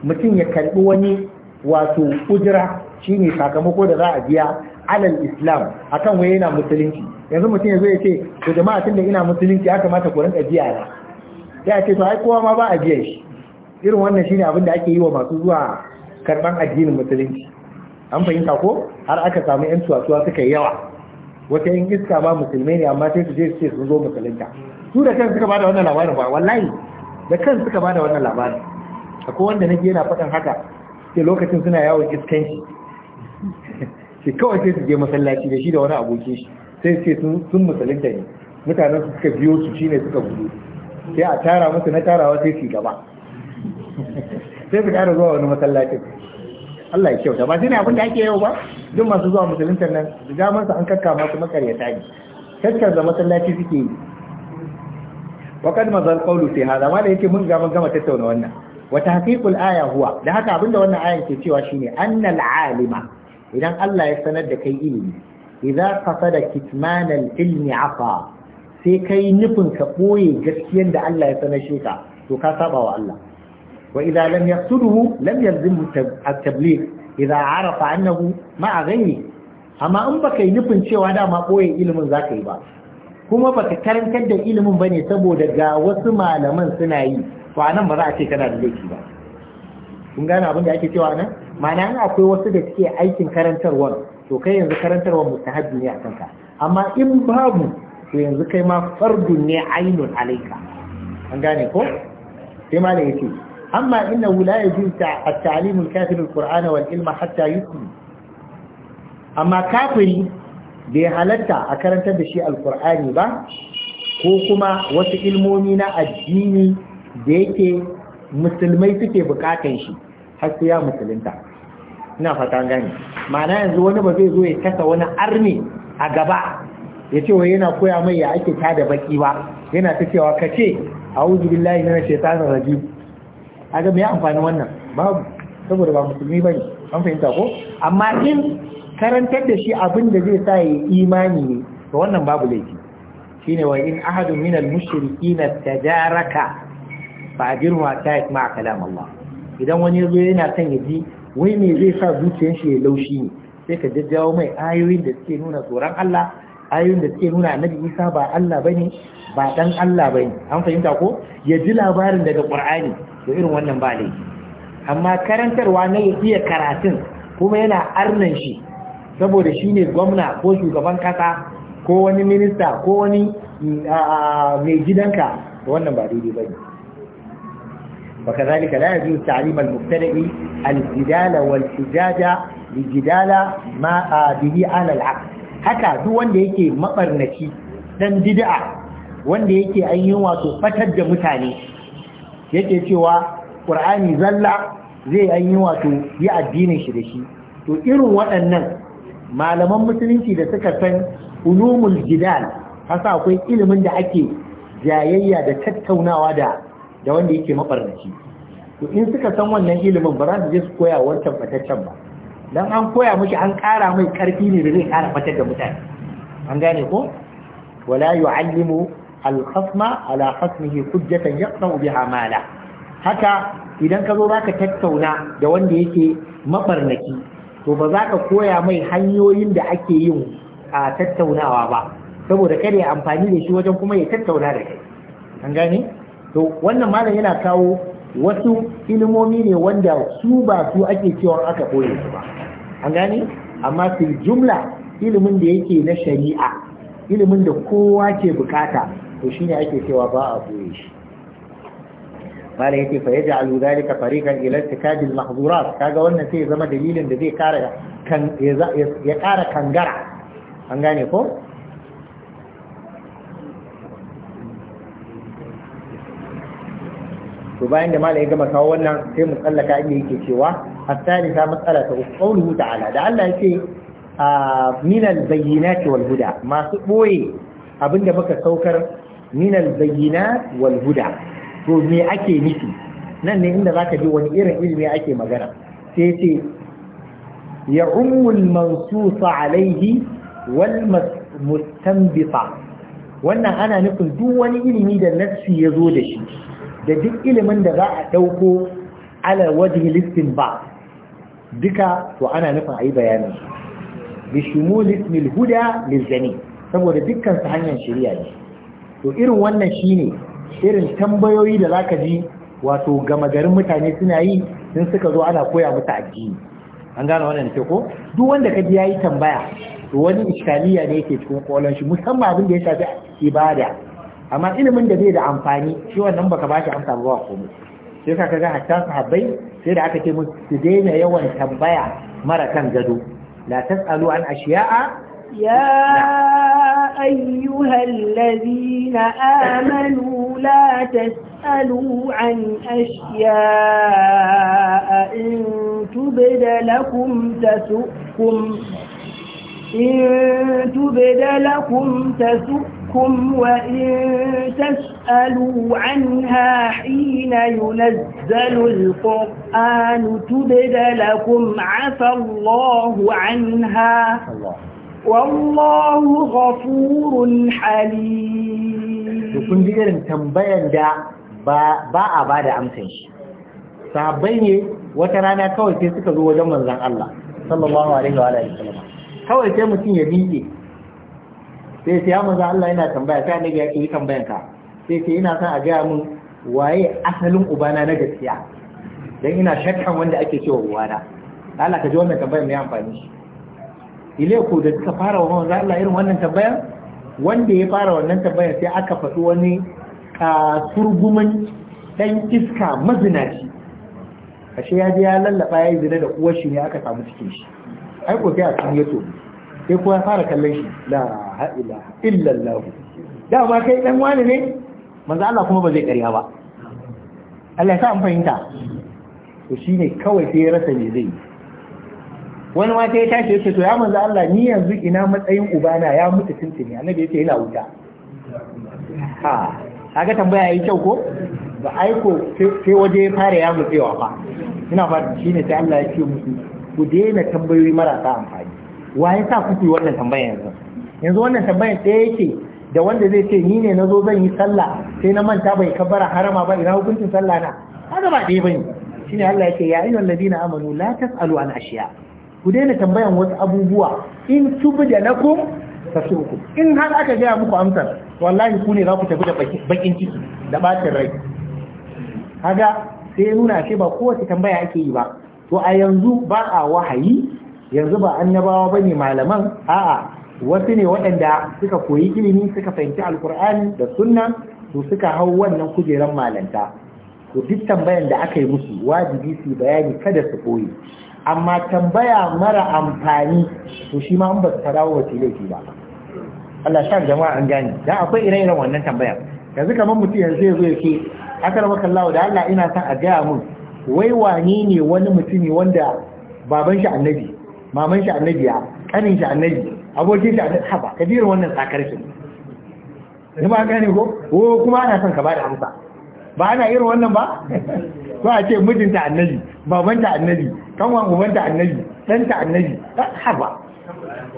mutum ya karɓi wani wato ujira shine sakamako da za a biya alal islam akan waye yana musulunci yanzu mutum ya zo ya ce to jama'a tun da ina musulunci ya kamata ku rinka biya na sai ce to ai kowa ma ba a biyan shi irin wannan shine abin da ake yi wa masu zuwa karban addinin musulunci an fahimta ko har aka samu yan tuwa-tuwa suka yi yawa wata yin iska ma musulmai ne amma sai su je su ce sun zo musulunta su da kan suka bada wannan labarin ba wallahi da kan suka bada wannan labarin akwai wanda nake yana faɗin haka ke lokacin suna yawon iskanci shi kawai sai su je masallaci da shi da wani abokin shi sai ce sun musulunta ne mutanen su suka biyo su shine suka gudu sai a tara musu na tarawa sai su gaba sai su ƙara zuwa wani masallacin Allah ya kyauta ba ne abin da ake yau ba duk masu zuwa musulunta nan da damar su an kakka masu makaryata ne kakkar da masallaci suke yi wa kad mazal qawlu fi hada ma da yake mun ga mun gama tattauna wannan wa tahqiqul aya huwa da haka abinda wannan ayan ke cewa shine annal alima idan Allah ya sanar da kai ilimi idza qasada kitmanal ilmi afa sai ka yi nufin ka ɓoye gaskiyar da Allah ya sanar shi ka to ka saba wa Allah wa idza lam yaqsuduhu lam yalzim at tabliq idza arafa annahu ma ghayri amma in baka yi nufin cewa dama ɓoye ilimin zaka yi ba kuma baka karantar da ilimin bane saboda ga wasu malaman suna yi to anan ba za a ce kana da laifi ba kun gane abin da ake cewa nan ma'ana in akwai wasu da suke aikin karantarwar to kai yanzu karantarwar mustahabbi ne a kanka amma in babu to yanzu kai ma fardun ne ainun alaika an gane ko sai ma ne yake amma innahu la yajuz jinta a talimin kafir al-qur'ana wal ilma hatta yusmi amma kafiri bai halatta a karantar da shi alkur'ani ba ko kuma wasu ilmomi na addini da yake musulmai suke bukatan shi har sai ya musulunta ina fatan gani ma'ana yanzu wani ba zai zo ya kasa wani arni a gaba ya ce wa yana koya mai ya ake ta da baki ba yana ta cewa ka ce a wuzu billahi na shaitanin rajim a ga mai amfani wannan babu saboda ba musulmi ba ne an fahimta ko amma in karantar da shi abin da zai sa ya imani ne to wannan babu laifi Shi shine wa in ahadun min al na tajaraka ta yi kuma a kalam Allah idan wani ya zo yana son ya ji wai me zai sa zuciyar shi ya laushi ne sai ka jajjawo mai ayoyin da suke nuna tsoron Allah ayoyin da suke nuna annabi isa ba allah bane ba dan allah bane an fahimta ko ya ji labarin daga Ƙur'ani, to irin wannan ba amma karantarwa na ya iya karatun kuma yana arnan shi saboda shi ne gwamna ko shugaban kasa ko wani minista ko wani mai gidanka wannan ba daidai bane وكذلك لا يجوز تعليم المبتدئ الجدال والحجاج لجدال ما به على العقل haka duk wanda yake mabarnaci dan bid'a wanda yake ayyin wato fatar da mutane yake cewa qur'ani zalla zai ayyin wato yi addinin shi da shi to irin waɗannan malaman musulunci da suka san ulumul jidal hasa akwai ilimin da ake jayayya da tattaunawa da da wanda yake mabarnaci to in suka san wannan ilimin ba za su je su koya wancan fataccen ba dan an koya miki an ƙara mai karfi ne da zai kara fatar da mutane an gane ko wala yu'allimu al-khasma ala khasmihi hujjatan yaqta'u biha mala haka idan ka zo zaka tattauna da wanda yake mabarnaki to ba za ka koya mai hanyoyin da ake yin a tattaunawa ba saboda kada ya amfani da shi wajen kuma ya tattauna da kai an gane to wannan malam yana kawo wasu ilimomi ne wanda su ba su ake cewa aka koye su ba an gane amma fil jumla ilimin da yake na shari'a ilimin da kowa ke bukata to shine ake cewa ba a koye shi mala yake fa yaj'alu dhalika fariqan ila irtikab al kaga wannan sai zama dalilin da zai kara kan ya kara kangara an gane ko to bayan da malai gama kawo wannan sai mu tsallaka inda yake cewa asali ta matsala ta qawluhu ta'ala da Allah yake a ah, minal bayyinati wal huda masu boye abinda muka saukar minal bayyinat wal huda to me ake nufi nan ne inda zaka ji wani irin ilimi ake magana sai ce ya ummul mansusa alaihi wal mustanbita wannan ana nufin duk wani ilimi da nassi ya zo da shi da duk ilimin da za a ɗauko ala wajen listin ba duka to ana nufin a yi bayanin bishimu lismil huda lizzani saboda dukkan su hanyar shirya ne to irin wannan shi ne, irin tambayoyi da zaka ji wato gama garin mutane suna yi sun suka zo ana koya musu addini an gane wannan ce ko duk wanda ka ji yayi tambaya to wani iskaliya ne ke cikin kolon shi musamman abin da ya shafi ibada amma ilimin da zai da amfani shi wannan baka ba shi amsa ba komai sai ka kaga hatta sahabbai sai da aka ce musu su daina yawan tambaya mara kan gado la tasalu an ashiya'a يا أيها الذين آمنوا لا تسألوا عن أشياء إن تبد لكم تسؤكم إن تبد لكم تسؤكم لكم وإن تسألوا عنها حين ينزل القرآن تبد لكم عفى الله عنها والله غفور حليم kun ji irin tambayan da ba a ba da amsan shi sahabbai ne wata rana kawai sai suka zo wajen manzon Allah sallallahu alaihi wa alihi kawai sai mutum ya miƙe sai sai ya manzo Allah yana tambaya sai ne ya yi tambayan ka sai sai ina son a gaya mun waye asalin ubana na gaskiya dan ina shakkan wanda ake cewa uwana Allah ka ji wannan tambayar mai amfani shi ile ku da suka fara wa manzo Allah irin wannan tambaya wanda ya fara wannan tambayan sai aka faɗi wani surgumin dan iska mazinaci ashe ya je ya lallaba ya yi da uwar shi ne aka samu cikin shi ai ko sai a cikin ya sai kuma fara kallon shi la illallahu illallah ba kai dan wani ne manzo Allah kuma ba zai ƙarya ba Allah ya sa an fahimta to shine kawai sai ya rasa me zai wani wata ya tashi yace to ya manzo Allah ni yanzu ina matsayin ubana ya mutu tuntuni annabi yace yana wuta ha kaga tambaya yayi kyau ko ba aiko sai waje ya fara ya mutsewa fa ina fata shine sai Allah ya ce musu ku daina tambayoyi marasa amfani wa ya sa kuke wannan tambayar yanzu yanzu wannan tambayar ɗaya yake da wanda zai ce ni ne na zo zan yi sallah sai na manta bai kabbara harama ba ina hukuncin sallah na haka ba ɗaya bane shine Allah yake ya ayyuhal ladina amanu la tasalu an ashiya ku daina tambayan wasu abubuwa in tubda lakum tasukum in har aka gaya muku amsar wallahi ku ne za ku tafi da bakin ciki da bacin rai kaga sai nuna ce ba kowace tambaya ake yi ba to a yanzu ba a wahayi yanzu ba annabawa ba ne malaman a'a wasu ne waɗanda suka koyi ilimi suka fahimci alkur'ani da sunna su suka hau wannan kujeran malanta to duk tambayan da aka yi musu wajibi su bayani kada su koyi amma tambaya mara amfani to shi ma an ba su farawa wace laifi ba Allah sha jama'a an gani dan akwai ire-iren wannan tambayar yanzu kamar mutum yanzu ya zo ya ce akar maka Allah da Allah ina son a gaya mun wai wane ne wani mutumi wanda baban shi annabi maman shi annabi ya kanin shi annabi abokin shi annabi haba kabirin wannan shi ne ba gane ko ko kuma ana son ka ba da amsa ba ana irin wannan ba ko a ce mijinta annabi babanta annabi kanwan ubanta annabi ɗanta annabi haba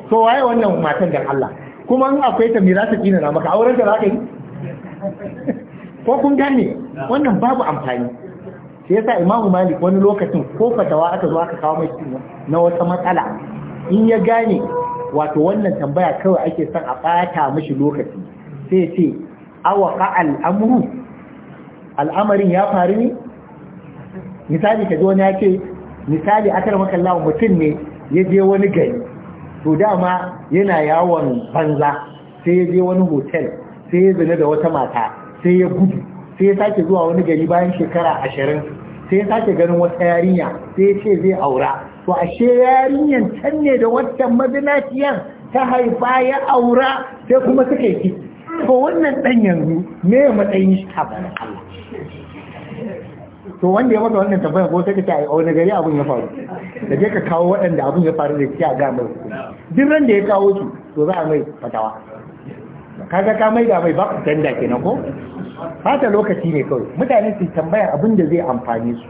to waye wannan matan dan Allah kuma in akwai ta mira ta kina na maka auren ta za ka yi ko kun gane wannan babu amfani sai yasa imamu malik wani lokacin ko fatawa aka zo aka kawo mai na wata matsala in ya gane wato wannan tambaya kawai ake son a bata mishi lokaci sai ce awa ka al'amuru al'amarin ya faru ne misali ka ji wani ya ce misali akar makalla mutum ne ya je wani gari to dama yana yawon banza sai ya je wani hotel sai ya zina da wata mata sai ya gudu sai ya sake zuwa wani gari bayan shekara ashirin sai ya sake ganin wata yarinya sai ya ce zai aura to ashe yarinyan can ne da wancan mazinaciyan ta haifa ya aura sai kuma suka yi to wannan dan yanzu me ya matsayin shi ta bana to wanda ya maka wannan tambaya ko sai ka ce a wani gari abun ya faru da je ka kawo waɗanda abun ya faru da kiya ga mai duk ran da ya kawo su to za a mai fatawa kaga ka mai da mai ba ku tanda kenan ko fata lokaci ne kawai mutane su tambaya abin da zai amfani su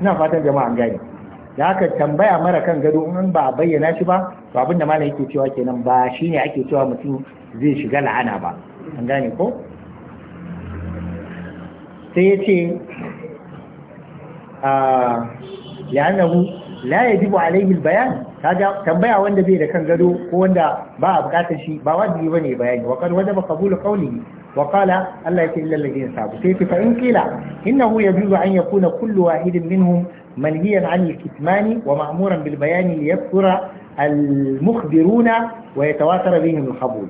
ina fatan jama'a gane da haka tambaya mara kan gado in ba a bayyana shi ba to abin da malam yake cewa kenan ba shine ake cewa mutum zai shiga la'ana ba an gane ko sai ya ce ah, la'annahu la yajibu alaihi bayan kaga tambaya wanda bai da kan gado ko wanda ba a bukatar shi ba wajibi bane bayani wa kad wajaba qabulu qawlihi وقال الله يتي إلا الذين تابوا سيف فإن قيل إنه يجوز أن يكون كل واحد منهم منهيا عن الكتمان ومأمورا بالبيان ليكثر المخبرون ويتواتر بهم الخبر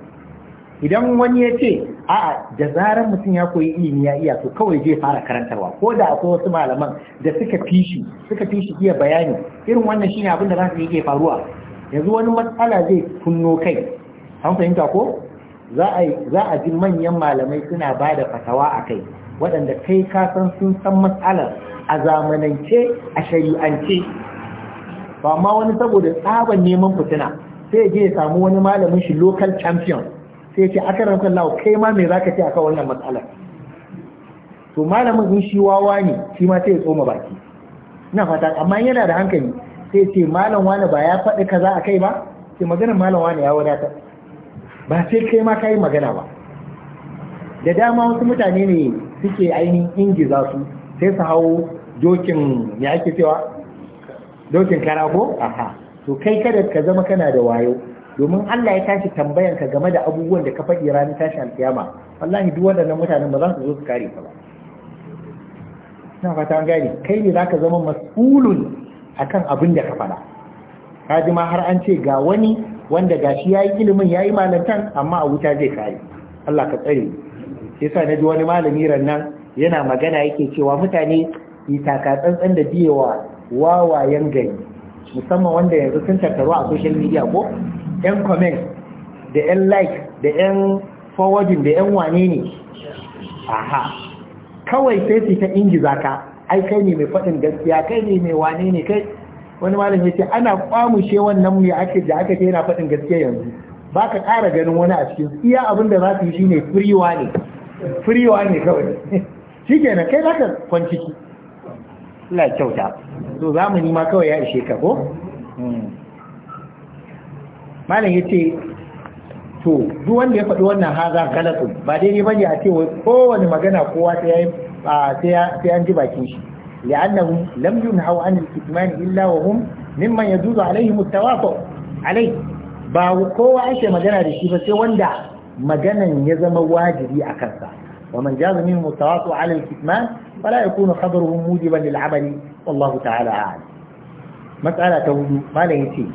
idan wani ya ce a da zarar mutum ya koyi ilimi ya iya to kawai zai fara karantarwa ko da akwai wasu malaman da suka fishi suka fishi iya bayani irin wannan shine abin da za su ke faruwa yanzu wani matsala zai kunno kai an fahimta ko za a ji manyan malamai suna ba da fatawa a kai waɗanda kai kasan sun san matsalar a zamanance a shari'ance ba ma wani saboda tsaban neman fitina sai je ya samu wani malamin shi local champion sai ce aka ranka lawo kai ma mai zaka ce akan wannan matsalar to malamin in shi wawa ne shi ma sai ya tsoma baki ina fata amma yana da hankali sai ce malam wani ba ya faɗi kaza a kai ba sai maganar malam wani ya wadatar ba sai kai ma kayi magana ba da dama wasu mutane ne suke ainihin ingiza su sai su hau dokin ya ake cewa dokin karago aha to kai kada ka zama kana da wayo domin Allah ya tashi tambayan ka game da abubuwan da ka faɗi ranar tashi alkiyama wallahi duk waɗannan mutanen ba za su zo su kare ka ba ina fata an gane kai ne zaka zama mas'ulun akan abin da ka faɗa kaji ma har an ce ga wani wanda gashi yayi ilimin yi malantan amma a wuta zai kai Allah ka tsare yasa na ji wani malami rannan yana magana yake cewa mutane yi taka tsantsan da biyewa wawayen gari musamman wanda yanzu sun tattaru a social media ko yan comment da yan like da yan forwarding da yan wane ne aha kawai sai su ta ingiza ka ai kai ne mai faɗin gaskiya kai ne mai wane ne kai wani malam ya ce ana kwamushe wannan mai ake da aka ce yana faɗin gaskiya yanzu ba ka ƙara ganin wani a cikin iya abin da za su yi shi ne firiwa ne firiwa ne kawai (laughs) shi kenan kai za ka kwanci ki la kyauta to mu ma kawai ya ishe ka ko hmm. malam ya ce to duk wanda ya faɗi wannan haza galatun ba daidai ne a ce kowane magana kowa ya sai an ji bakin shi لأنهم لم ينهوا عن الكتمان إلا وهم ممن يجوز عليهم التوافق عليه ba kowa ake magana da shi ba sai wanda maganan ya zama wajibi a kansa wa man jaza min mutawatu ala al-kitman fala yakunu khabaruhu mujiban lil ta'ala a'lam mas'ala ta hudu malam yace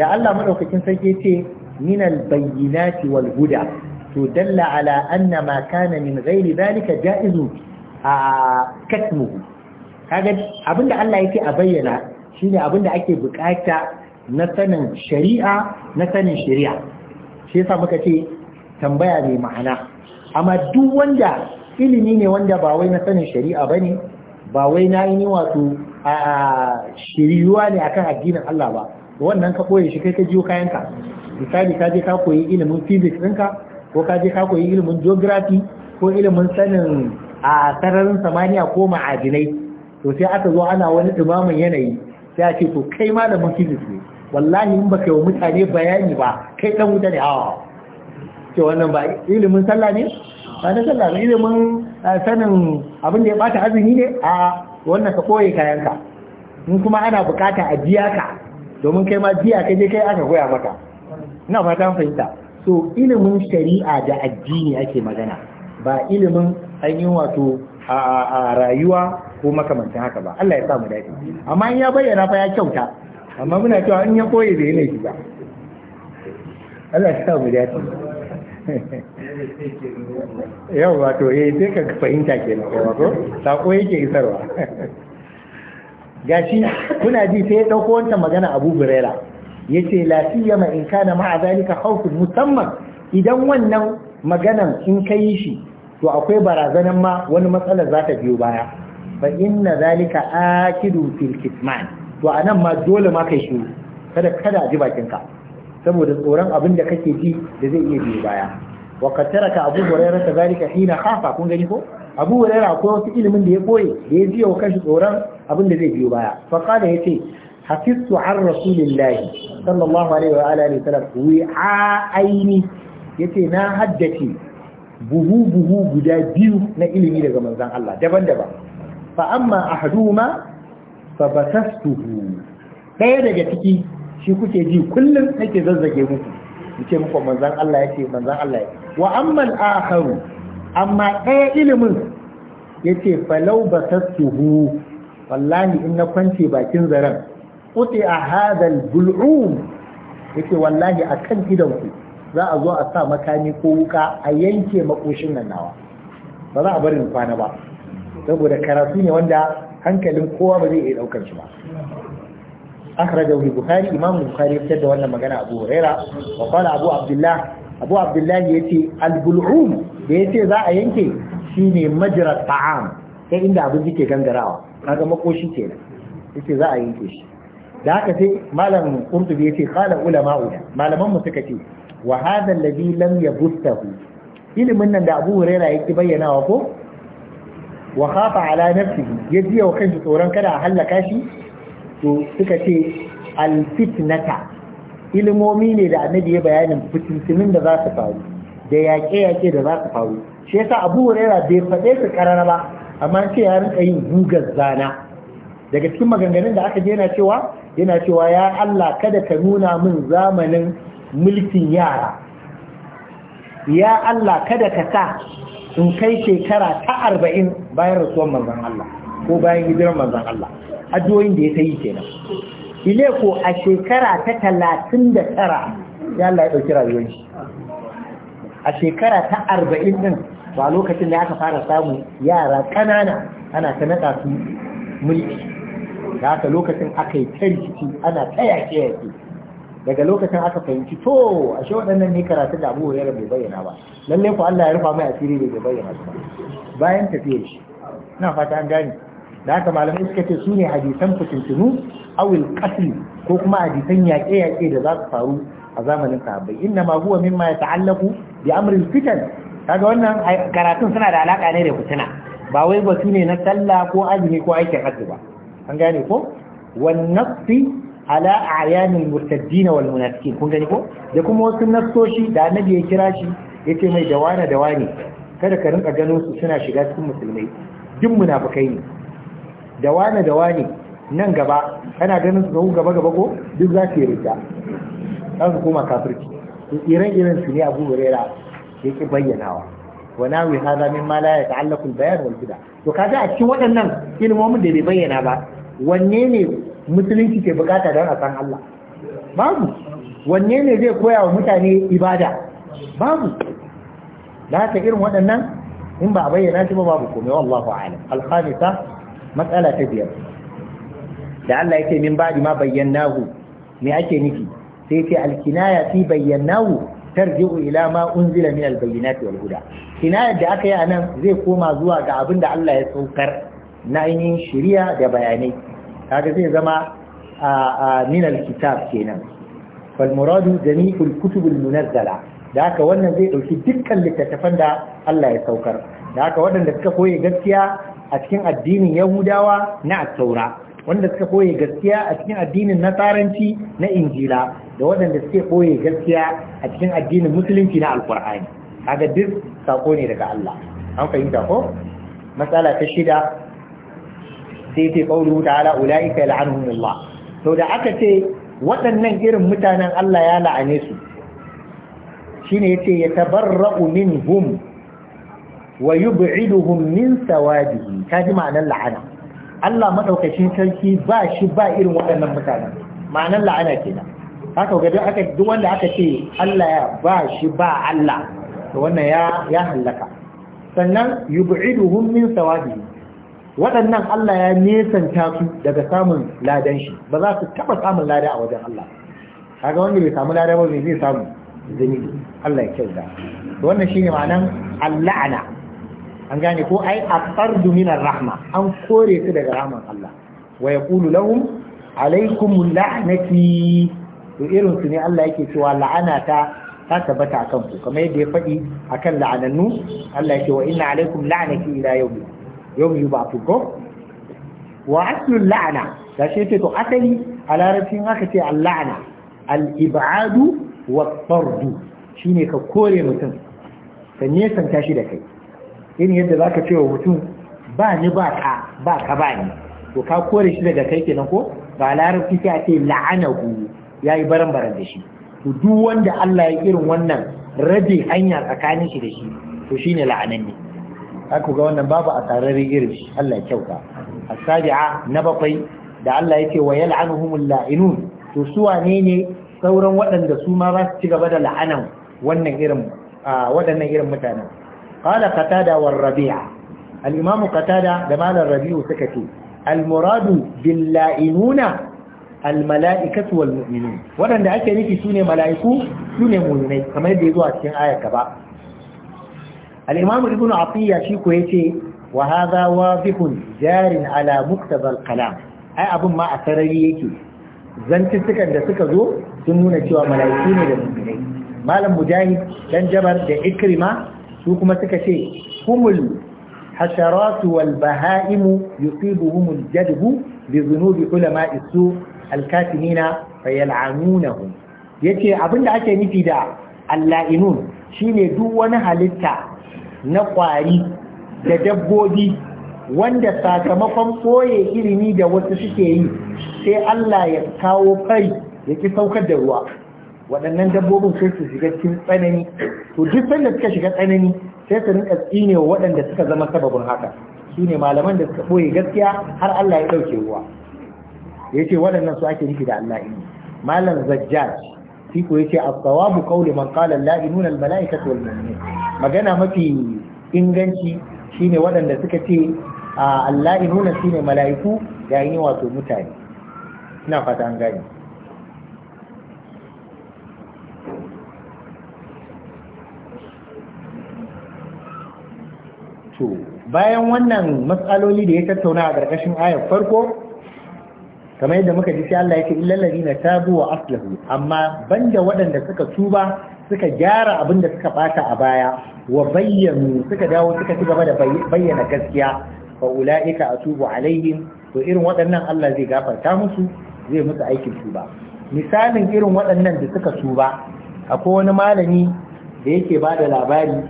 da Allah maɗaukacin sarki yace "Ninal al-bayyinati wal huda to dalla ala anna ma kana min ghairi ja'izu a katmuhu kaga da Allah yake a bayyana shine abin da ake bukata na sanin shari'a na sanin shari'a shi yasa muka ce tambaya mai ma'ana amma duk wanda ilimi ne wanda ba wai na sanin shari'a bane ba wai na yi wato a shiriyuwa ne akan addinin Allah ba wannan ka koye shi kai ka jiyo kayanka misali ka je ka koyi ilimin physics ɗinka ko ka je ka koyi ilimin geography ko ilimin sanin a sararin samaniya ko ma'adinai to sai aka zo ana wani dumamin yanayi sai a ce to kai ma da physics ne wallahi in baka yi wa mutane bayani ba kai dan wuta ne hawa ce wannan ba ilimin sallah ne ba na sallah ba ilimin sanin abin da ya bata azumi ne a wannan ka koye kayanka in kuma ana bukata a biya ka domin kai ma biya kai je kai aka koya maka ina fata fahimta so ilimin shari'a da addini ake magana ba ilimin an yi wato a rayuwa ko makamancin haka ba Allah ya samu dace amma in ya bayyana fa ya kyauta amma muna cewa in ya koyi da shi ba Allah ya samu dace yau to eh sai ka fahimta kenan kai ko sako yake isarwa gashi kuna ji sai ya dauko wancan magana Abu Buraira yace la siyama in kana ma'a zalika khawfun musamman idan wannan maganan in kai shi to akwai barazanan ma wani matsalar za ta biyo baya fa inna zalika akidu fil kitman to anan ma dole ma kai shiru kada kada a ji bakinka saboda tsoron abin da kake ji da zai iya biyo baya wa qad taraka abu hurairah zalika hina khafa kun gani ko abu hurairah akwai wasu ilimin da ya koyi da ya ji kashi tsoron abin da zai biyo baya fa qala yace hafiztu an rasulillahi sallallahu alaihi wa alihi wasallam wi'a aini yace na haddace buhu buhu guda biyu na ilimi daga manzon Allah daban-daban fa'amma a haduma fa batastuhu ɗaya daga ciki shi kuke ji kullum nake zazzage muku ce muku manzan Allah ya ce manzan Allah ya wa amma akharu amma ɗaya ilimin ya ce falau batastuhu wallahi in na kwance bakin zaren kuti a hadal bul'um ya ce wallahi a kan idanku za a zo a sa makami ko wuka a yanke makoshin nan nawa ba za a bari kwana ba saboda karatu ne wanda hankalin kowa ba zai iya daukar shi ba akhrajahu al-bukhari imam bukhari ya da wannan magana abu huraira wa qala abu abdullah abu abdullah yace al-bul'um da yace za a yanke shine majra ta'am sai inda abinci ke gangarawa kaga makoshi kenan yace za a yanke shi da haka sai malam qurtubi yace qala ulama'u malaman mu suka ce wa hadha alladhi lam yabustahu ilimin nan da abu huraira yake wa ko wa khafa ala nafsi ya wa kanshi tsoron kada a hallaka shi to suka ce al Ilimomi ne da annabi ya bayanin fitintunin da za su faru da yaƙe-yaƙe da za su faru shi yasa abu huraira bai faɗe su karara ba amma ce ya rinka yin gugar zana daga cikin maganganun da aka je yana cewa yana cewa ya Allah kada ka nuna min zamanin mulkin yara ya Allah kada ka sa in kai shekara ta arba'in bayan rasuwan manzan Allah ko bayan hijirar manzan Allah addu'o'in da ya ta yi kenan ile ko a shekara ta talatin da tara ya Allah ya ɗauki rayuwar shi a shekara ta arba'in ɗin ba lokacin da aka fara samun yara ƙanana ana ta naɗa su mulki da aka lokacin aka yi ta ana ta ke yake daga lokacin aka fahimci to ashe waɗannan ne karatun da abu hurairar bai bayyana ba lalle ku Allah ya rufa mai asiri bai bayyana ba bayan tafiye shi ina fata an gane da haka malamai suka ce su ne hadisan fitintunu awil qatl ko kuma hadisan yaƙe-yaƙe da za su faru a zamanin sahabbai inna ma huwa mimma yata'allaqu bi amril fitan kaga wannan karatun suna da alaka ne da fitina ba wai batu ne na sallah ko azumi ko aikin hajji ba an gane ko wan ala a'yanil murtaddin wal munafiqin kun gani ko da kuma wasu nassoshi da annabi ya kira shi yace mai dawana dawane kada ka rinka ganin su suna shiga cikin musulmai duk munafikai ne da dawane nan gaba kana ganin su gaba gaba ko duk za su yi rida za su koma kafirci ire-iren su ne a abu rera ya ki bayyanawa wa nawi hada min ma la yata'allaqu al-bayan wani bid'a to kaga a cikin waɗannan ilmomin da bai bayyana ba wanne ne musulunci ke bukata don a san Allah babu wanne ne zai koya wa mutane ibada babu da haka irin waɗannan in ba a bayyana shi ba babu komai wallahu a'lam al matsala ta biyar da Allah yake min ba'di ma bayyanahu me ake nufi sai ce al fi bayyanahu tarji'u ila ma unzila min al-bayyinati wal huda kinayar da aka yi a nan zai koma zuwa ga abin da Allah ya saukar na ainihin shari'a da bayanai kaga zai zama a min alkitab kenan fal muradu jami'ul kutub munazzala da haka wannan zai dauki dukkan littattafan da Allah ya saukar da haka waɗanda suka koyi gaskiya a cikin addinin Yahudawa na As-taura, wanda suka koyi gaskiya a cikin addinin nasaranci na injila da waɗanda suke koyi gaskiya a cikin addinin musulunci na alkur'ani kaga duk sako ne daga Allah an fahimta ko matsala ta shida sai ce qawluhu ta'ala ulaika Allah. to da aka ce waɗannan irin mutanen Allah ya la'ane su shine yace yatabarra'u minhum wa yub'iduhum min sawadihi kaji ma'anar la'ana Allah madaukakin sarki ba shi ba irin waɗannan mutanen ma'anar la'ana kenan haka ga duk aka duk wanda aka ce Allah ya ba shi ba Allah to wannan ya ya halaka sannan yub'iduhum min sawadihi waɗannan Allah ya nesanta su daga samun ladan shi ba za su taɓa samun lada a wajen Allah kaga wanda bai samu lada ba zai samu zunubi Allah ya kyauta wannan shine ma'anan al-la'na an gane ko ai aqardu min rahma an kore su daga rahman Allah wa yaqulu lahum alaikum la'nati to irin su ne Allah yake cewa la'ana ta ta tabbata akan ku kamar yadda ya faɗi akan la'anannu Allah yake wa inna alaikum la'nati ila yawmi yau yi ba ko wa aslul la'ana ta shi to asali a larabcin haka ce al-la'ana al-ib'adu wa shi shine ka kore mutum ka nesan shi da kai irin yadda za ka ce wa mutum ba ni ba ka ba ka ba ni to ka kore shi daga kai kenan ko ba larabci sai a ce Ya yi baran baran da shi to duk wanda Allah ya irin wannan rabe hanya tsakanin shi da shi to shine la'ananne ku ga wannan babu a tsararren irin Allah ya kyauta A sabia na bakwai da Allah yake wa yal'anuhumul la'inun to su wane ne sauran waɗanda su ma ba su ci gaba da la'anan wannan irin waɗannan irin mutanen qala qatada war rabi'a al-imamu qatada da malam rabi'u suka ce al-muradu bil la'inuna al-mala'ikatu wal mu'minun waɗanda ake nufi sune mala'iku sune mu'minai kamar da yazo a cikin ayar gaba al-imam ibn atiya shi ko yace wa hadha jarin ala muktab al ai abun ma a sarari yake zantukan da suka zo sun nuna cewa mala'iku ne da mu'minai malam mujahid dan da ikrima su kuma suka ce humul hasharatu wal baha'imu yusibuhumul jadbu bi dhunubi ulama'i su alkatimina fayal'anunahum yace abinda ake nufi da alla'inun shine duk wani halitta na ƙwari da dabbobi wanda sakamakon ɓoye ilimi da wasu suke yi sai Allah ya kawo fari ya ki saukar da ruwa waɗannan dabbobin sai su shiga cikin tsanani to duk sanda suka shiga tsanani sai su rinka tsine waɗanda suka zama sababin haka su ne malaman da suka ɓoye gaskiya har Allah ya ɗauke ruwa ya ce waɗannan su ake nufi da Allah ne malam zajjaj shi ko yace as-sawabu qawlu man qala la inuna al-mala'ikatu wal mu'minun magana mafi inganci shine waɗanda suka ce Allah inuna shine mala'iku yayin wato mutane ina fata an gane to bayan wannan matsaloli da ya tattauna a ƙarƙashin ayar farko kamar yadda muka ji sai Allah yake illal ladina tabu wa aslahu amma banda waɗanda suka tuba suka gyara abin da suka bata a baya wa bayyanu suka dawo suka ci gaba da bayyana gaskiya fa ulaika atubu alaihim to irin waɗannan Allah zai gafarta musu zai musu aikin tuba misalin irin waɗannan da suka tuba akwai wani malami da yake ba da labari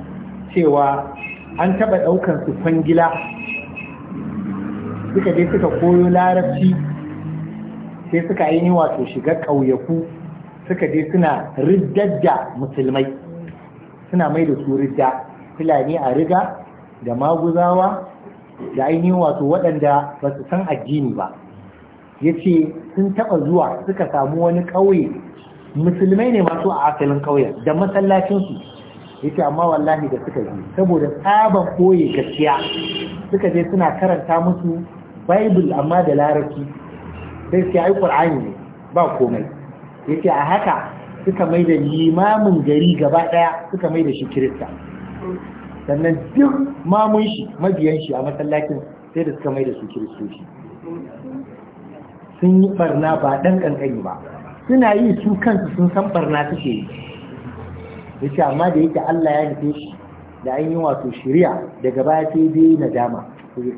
cewa an taɓa ɗaukar su kwangila suka je suka koyo larabci sai suka aini wato shiga ƙauyaku suka je suna riddadda musulmai suna mai da su ridda fulani a riga da maguzawa da ainihin wato waɗanda ba su san addini ba ya ce sun taɓa zuwa suka samu wani ƙauye musulmai ne masu a asalin ƙauye, da masallacinsu ya ce amma wallahi da suka yi saboda tsaban koye gaskiya suka je suna karanta musu bible amma da larabci sai sai ai qur'ani ne ba komai yace a haka suka mai da limamin gari gaba daya suka mai da shi kirista sannan duk mamun shi mabiyan shi a masallacin sai da suka mai da su kiristoci sun yi barna ba dan kankani ba suna yi su kansu sun san barna suke yi yace amma da yake Allah ya nufe shi da an yi wato shari'a daga baya sai dai nadama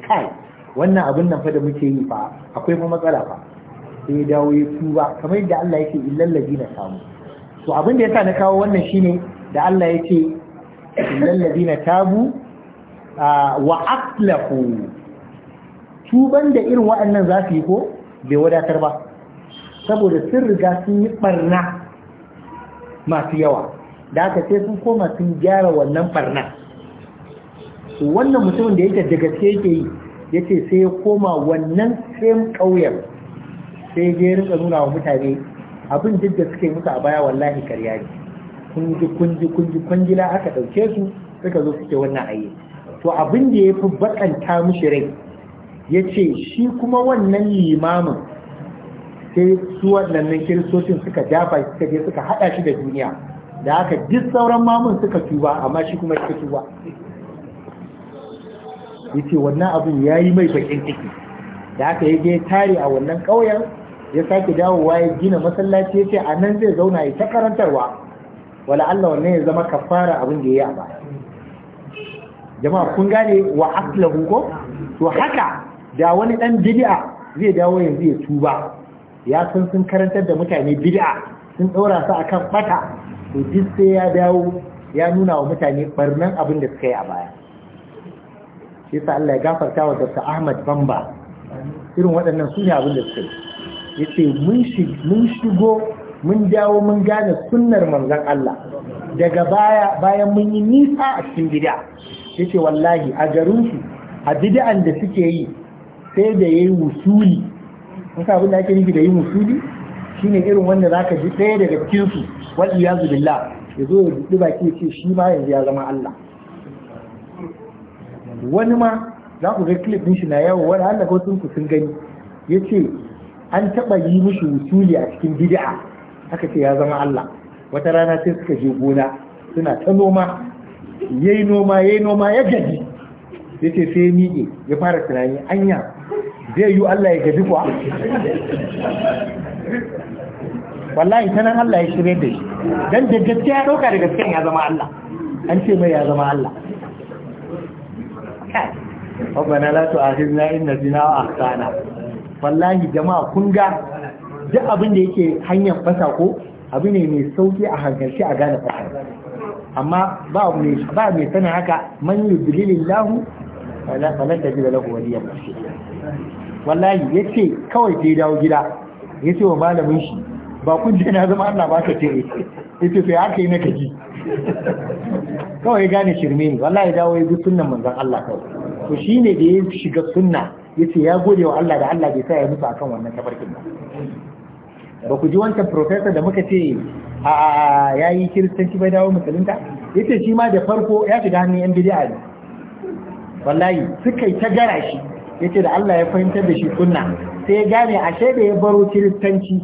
kai wannan abin nan fa da muke yi fa akwai ma matsala fa sai ya dawo ya tuba kamar yadda Allah yake illal ladina samu to abin da yasa na kawo wannan shine da Allah yake illal ladina tabu wa aslahu tuban da irin waɗannan za su yi ko bai wadatar ba saboda sun riga sun yi barna masu yawa da aka ce sun koma sun gyara wannan barna wannan mutumin da yake daga gaske yake yi ya ce sai ya koma wannan same ƙauyen sai je rinka nuna wa mutane abin duk da suke musu a baya wallahi karya ne kunji kunji kunji kwangila aka ɗauke su suka zo suke wannan ayi to abin da yafi bakanta mushi rai ya ce shi kuma wannan limamin sai su waɗannan kiristocin suka dafa suka je suka haɗa shi da duniya da haka duk sauran mamun suka tuba amma shi kuma suka tuba ya ce wannan abin ya yi mai bakin ciki da aka ya tare a wannan ƙauyen ya sake dawowa ya gina masallaci ya ce a nan zai zauna ya ta karantarwa wala Allah wannan ya zama kafara abin da ya yi a baya jama'a kun gane wa aslahu ko to haka da wani dan bid'a zai dawo yanzu ya tuba ya san sun karantar da mutane bid'a sun daura su akan bata to duk sai ya dawo ya nuna wa mutane barnan abin da suka yi a baya shi sa Allah ya gafarta wa Dr. Ahmad Bamba irin waɗannan su ne abin da suka yi Ya ce mun shigo mun dawo mun gane sunar manzan Allah daga baya bayan mun yi nisa a cikin gida. Ya ce wallahi a garinsu su a bid'an da suke yi sai da ya yi wusuli kun abin da ake nufi da musuli, wusuli ne irin wanda za ka ji ɗaya daga cikin ya zubi la ya yazo ya ba ke ce shi ma yanzu ya zama Allah wani ma za ku ga clip din shi na yawo wani Allah ko sun ku sun gani yace an taɓa yi musu wusuli a cikin bid'a aka ce ya zama Allah wata rana sai suka je gona suna ta noma yayi noma yayi noma ya gaji ya ce sai miƙe ya fara tunani anya zai yi Allah ya gaji kuwa wallahi ta nan Allah ya shirya da shi dan da gaskiya ya ɗauka da gaskiya ya zama Allah an ce mai ya zama Allah ربنا لا تؤاخذنا إن نسينا وأخطأنا wallahi jama'a kun ga duk abin da yake hanyar fasa ko abu ne mai sauki a hankalci a gane fasa amma ba mai sanin haka man yudlilin lahu falan da jira lahu waliyar wallahi ya ce kawai sai dawo gida ya ce wa malamin shi ba kun je na zama Allah ba ka ce eh. ya ce sai haka yi na kaji kawai ya gane shirme ne wallahi dawo ya bi sunnan manzon Allah kawai to shine da ya shiga sunna Ya ce ya gode wa Allah da Allah bai sa ya mutu akan wannan tafarkin ba ba ku ji wancan profesa da muka ce a yayi kiristanci bai dawo musulunta Ya ce shi ma da farko ya shiga hannun yan bid'a ne wallahi suka yi ta gara shi Ya ce da Allah ya fahimtar da shi kunna sai ya gane ashe da ya baro kiristanci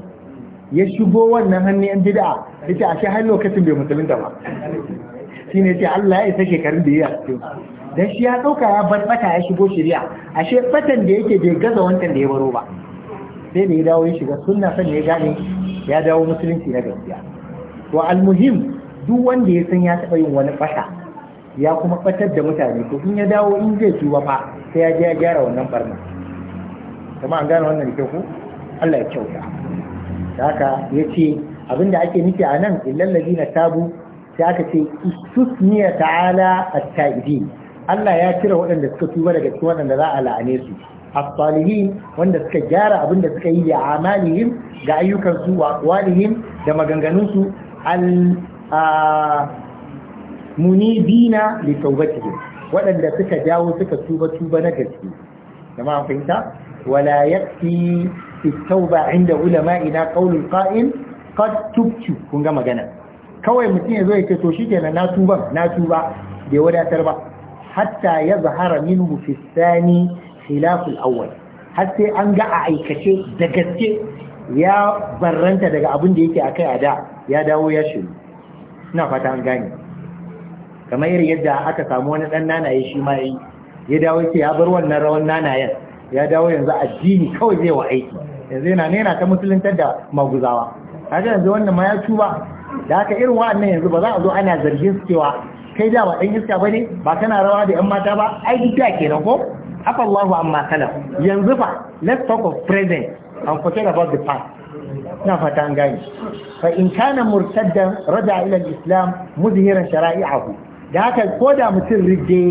ya shigo wannan hannun yan Ya ce ashe har lokacin bai musulunta ba ne ce Allah ya isa shekarun da ya yi dan shi ya ɗauka ya bar bata ya shigo shari'a ashe batan da yake bai gaza wancan da ya baro ba sai da ya dawo ya shiga sunna san ya gane ya dawo musulunci na gaskiya to almuhim duk wanda ya san ya taɓa yin wani bata ya kuma batar da mutane to in ya dawo in zai tuba fa sai ya je ya gyara wannan barna kuma an gane wannan kyau ku Allah ya kyauta da haka ya ce abinda ake nufi a nan illallazi na tabu sai aka ce istusniya ta'ala at Ta'idin. Allah ya cire waɗanda suka tuba daga cikin waɗanda za a la'ane su as-salihin wanda suka gyara abin da suka yi ya amalihim ga ayyukansu wa aqwalihim da maganganunsu al munibina li tawbatihim waɗanda suka jawo suka tuba tuba na gaske jama'a fahimta wala yakfi fi tauba inda ulama'ina qaulul qa'il qad tubtu kun ga magana kawai mutum ya zo ya ce to shikenan na tuba na tuba bai wadatar ba hatta ya zahara min fi sani awwal har sai an ga a aikace da gaske ya barranta daga abin da yake akai a da ya dawo ya shiru ina fata an gane kamar yadda aka samu wani dan nanaye shi ma yi ya dawo yake ya bar wannan rawan nanayen ya dawo yanzu addini kawai zai wa aiki yanzu yana ne yana ta musuluntar da maguzawa kaga yanzu wannan ma ya tuba da haka irin wa'annan yanzu ba za a zo ana zargin su cewa kai da ba dan iska ne? ba kana rawa da yan mata ba ai duk da kenan ko afa Allahu amma kala yanzu fa let's talk of present and forget about the past na fata an gani fa in kana murtaddan raja ila islam muzhiran shara'i'ahu da haka ko da mutum rige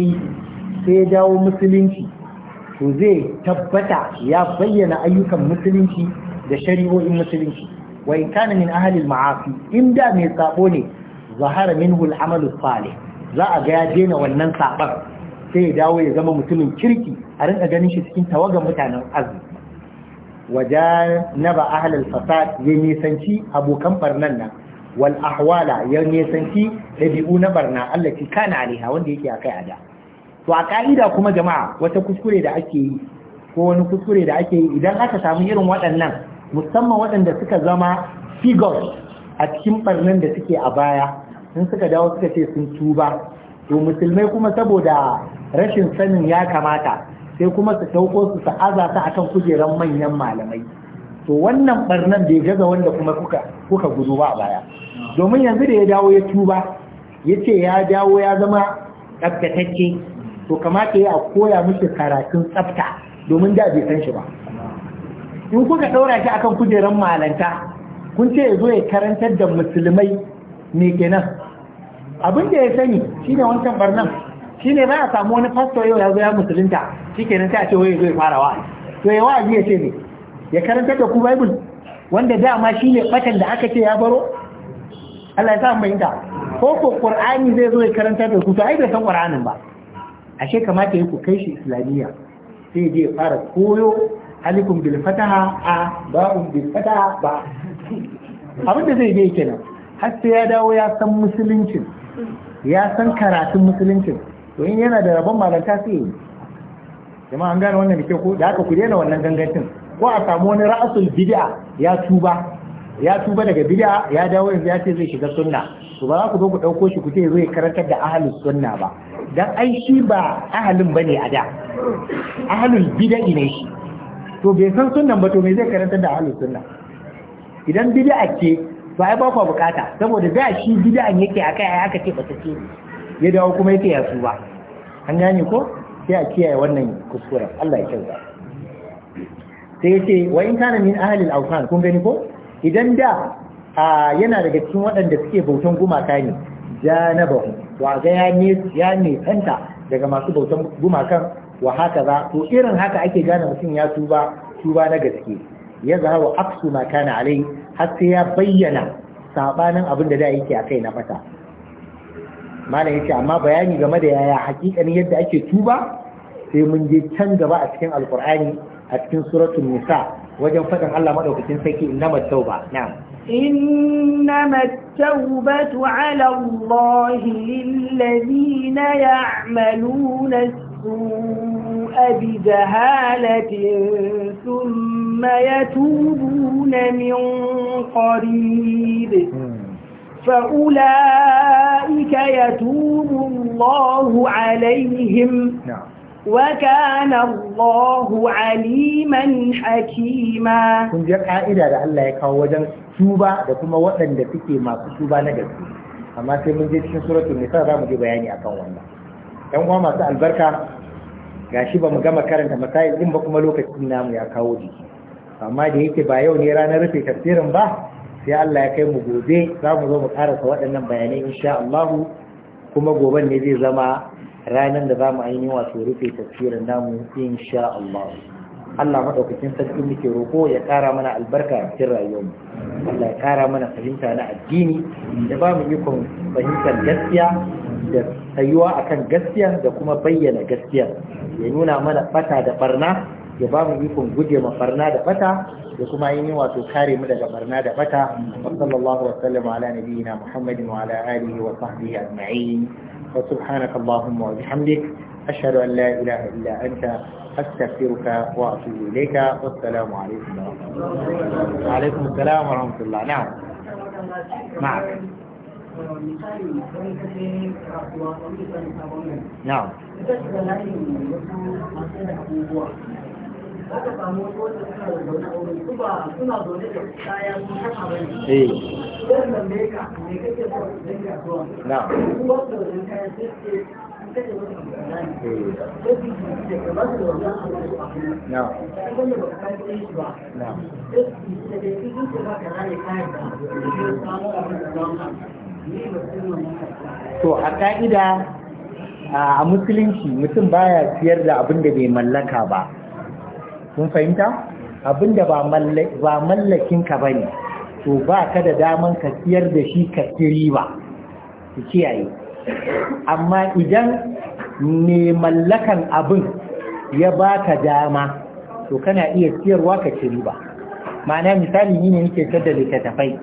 sai dawo musulunci to zai tabbata ya bayyana ayyukan musulunci da shari'o'in musulunci wa in kana min ahalin ma'afi? In da mai sabo ne zahara minhu al-amalu salih za a ga ya daina wannan saɓar sai ya dawo ya zama mutumin kirki a rinka ganin shi cikin tawagan mutanen arziki na ba ahlal fasad ya nisanci abokan barnan nan wal ahwala ya nisanci ɗabi'u na barna Allah ki kana alaiha wanda yake akai a da to a ka'ida kuma jama'a wata kuskure da ake yi ko wani kuskure da ake yi idan aka samu irin waɗannan musamman waɗanda suka zama figures a cikin barnan da suke a baya in suka dawo suka ce sun tuba to musulmai kuma saboda rashin sanin ya kamata sai kuma su ɗauko su sa'aza azata akan kujeran manyan malamai to wannan barnan bai gaza wanda kuma kuka kuka gudu ba a baya domin yanzu da ya dawo ya tuba ya ce ya dawo ya zama tsaftatacce to kamata ya koya mishi karatun tsafta domin da bai san shi ba in kuka ɗaura shi akan kujeran malanta kun ce ya zo ya karantar da musulmai me kenan abin da ya sani shine wancan barnan shine za a samu wani fasto yau ya zo ya musulunta shikenan sai a ce waye zai fara wa to ya wa'azi ya ce ne ya karanta da ku bible wanda dama shine bakan da aka ce ya baro Allah ya sa mu ko ko qur'ani zai zo ya karanta da ku to ai bai san qur'anin ba ashe kamata yi ku kai shi islamiyya sai je fara koyo alikum bil fataha a ba'um bil fataha ba abin da zai je kenan har sai ya dawo ya san musuluncin ya san karatun musuluncin to in yana da rabon malanta sai yi jama'a an gane wannan da ke ko da haka ku daina wannan gangancin ko a samu wani ra'asul bid'a ya tuba ya tuba daga bid'a ya dawo yanzu ya ce zai shiga sunna to ba za ku zo ku dauko shi ku ce zai karantar da ahlus sunna ba dan ai shi ba ahalin bane a da ahlul bid'a ne shi to bai san sunnan ba to me zai karantar da ahlus sunna idan bid'a ce to ai ba ku bukata saboda da shi bid'an yake akai ai aka ce ba ta ce ya dawo kuma yake ya su ba an gane ko sai a kiyaye wannan kuskure, Allah ya kiyaye sai yace wa in kana min ahli al-awthan kun gani ko idan da yana daga cikin waɗanda suke bautan gumaka ne janabahu to ga ya ne ya daga masu bautan gumakan wa haka za to irin haka ake gane mutum ya tuba tuba na gaske ya zahawa aksu ma kana alai har sai ya bayyana sabanin abin da da yake a kai na fata malam yace amma bayani game da yaya hakikanin yadda ake tuba sai mun je can gaba a cikin alqur'ani a cikin suratul nisa wajen fadin Allah madaukakin sarki innamat tauba na'am إنما التوبة على الله للذين يعملون السوء السوء بجهالة ثم يتوبون من قريب فأولئك يتوب الله عليهم وكان الله عليما حكيما kun ji ka'ida da Allah ya kawo wajen tuba da kuma waɗanda suke masu tuba na gaske amma sai mun je cikin suratul nisa za mu je bayani akan wannan yan uwa masu albarka gashi ba mu gama karanta masail din ba kuma lokacin namu ya kawo jiki amma da yake ba yau ne ranar rufe tafsirin ba sai Allah ya kai mu gobe za mu zo mu karasa waɗannan bayanai insha Allah kuma goben ne zai zama ranar da za mu ainihin wato rufe tafsirin namu insha Allah Allah maɗaukacin sarki muke roƙo ya ƙara mana albarka a cikin rayuwarmu Allah ya ƙara mana fahimta na addini da ba mu ikon fahimtar gaskiya da tsayuwa kan gaskiya da kuma bayyana gaskiya ya nuna mana bata da barna ya ba mu ikon guje ma barna da bata da kuma yin wato kare mu daga barna da bata wa sallallahu wa sallama ala nabiyyina muhammadin wa ala alihi wa sahbihi ajma'in wa subhanaka allahumma wa bihamdik ashhadu an la ilaha illa anta astaghfiruka wa atubu ilayka wassalamu alaikum wa rahmatullahi wa alaikum assalam wa rahmatullah na'am معك na'am aka samu a wurin da da a to a ka'ida a musulunci mutum baya siyar da abin da bai mallaka ba kun fahimta abin da ba mallakinka ba ne to ba ka da daman ka siyar da shi ka siri ba su kiyaye amma idan mai mallakan abin ya baka dama to kana iya siyarwa ka siri ba. ma'ana misali ni ne nake da littattafai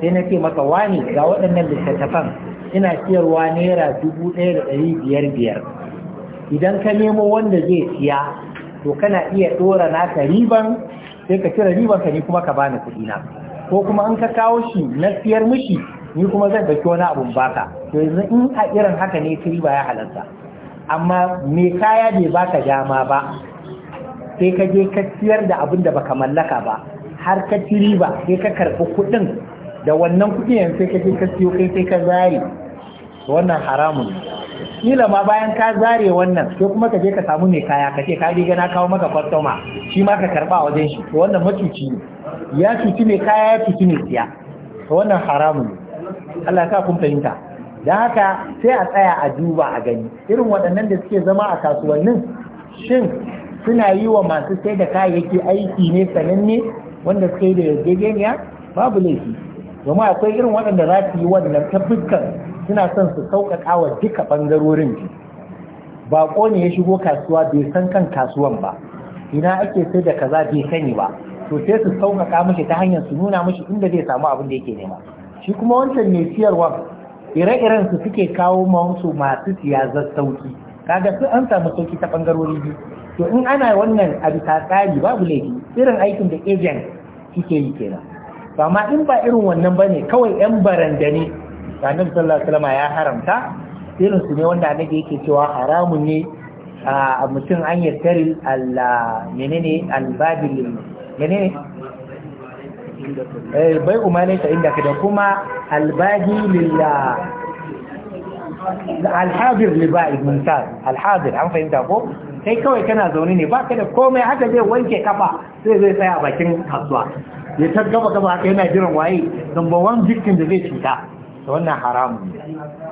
sai na ce maka wani ga waɗannan littattafan ina siyarwa naira dubu ɗaya da ɗari biyar biyar idan ka nemo wanda zai siya to kana iya ɗora naka riban sai ka cire riban ka ni kuma ka bani kuɗi na ko kuma in ka kawo shi na siyar mishi ni kuma zan ɗauki wani abun baka to yanzu in a irin haka ne ta riba ya halarta amma me kaya bai baka dama ba sai ka je ka siyar da abin da baka mallaka ba har ka ci riba sai ka karɓi kuɗin da wannan kuɗi yanzu sai kake ka siyo kai sai ka zare wannan haramun kila ma bayan ka zare wannan sai kuma ka je ka samu mai kaya ka ce ka je gana kawo maka kwastoma shi ma ka karba wajen shi to wannan macuci ne ya cuci mai kaya ya cuci mai siya to wannan haramun Allah ka kun fahimta dan haka sai a tsaya a duba a gani irin waɗannan da suke zama a kasuwannin shin suna yi wa masu sai da kayayyaki aiki ne sananne wanda suka da yarjejeniya babu laifi domin akwai irin waɗanda za su yi wannan ta dukkan suna son su sauƙaƙa wa duka ɓangarorin ji baƙo ne ya shigo kasuwa bai san kan kasuwan ba ina ake sai da kaza bai sani ba to sai su sauƙaƙa mashi ta hanyar su nuna mashi inda zai samu abin da yake nema shi kuma wancan mai siyarwa ire-iren su suke kawo mawansu masu siyasar sauki kaga su an samu sauki ta ɓangarori biyu to in ana wannan a ta tsari babu laifi irin aikin da ejen suke yi kenan ma in ba irin wannan ba ne kawai 'yan barandani annabi sallallahu alaihi wasallam ya haramta irin su ne wanda annabi yake cewa haramun ne a mutum an yattari Allah menene albabil menene eh bai umane ta inda kada kuma albahi lillah alhadir liba'i mumtaz alhadir an fahimta ko sai kawai kana zaune ne baka da komai haka zai wanke kafa sai zai tsaya a bakin kasuwa ya ta gaba gaba haka yana jiran waye number one victim da zai cuta da wannan haramun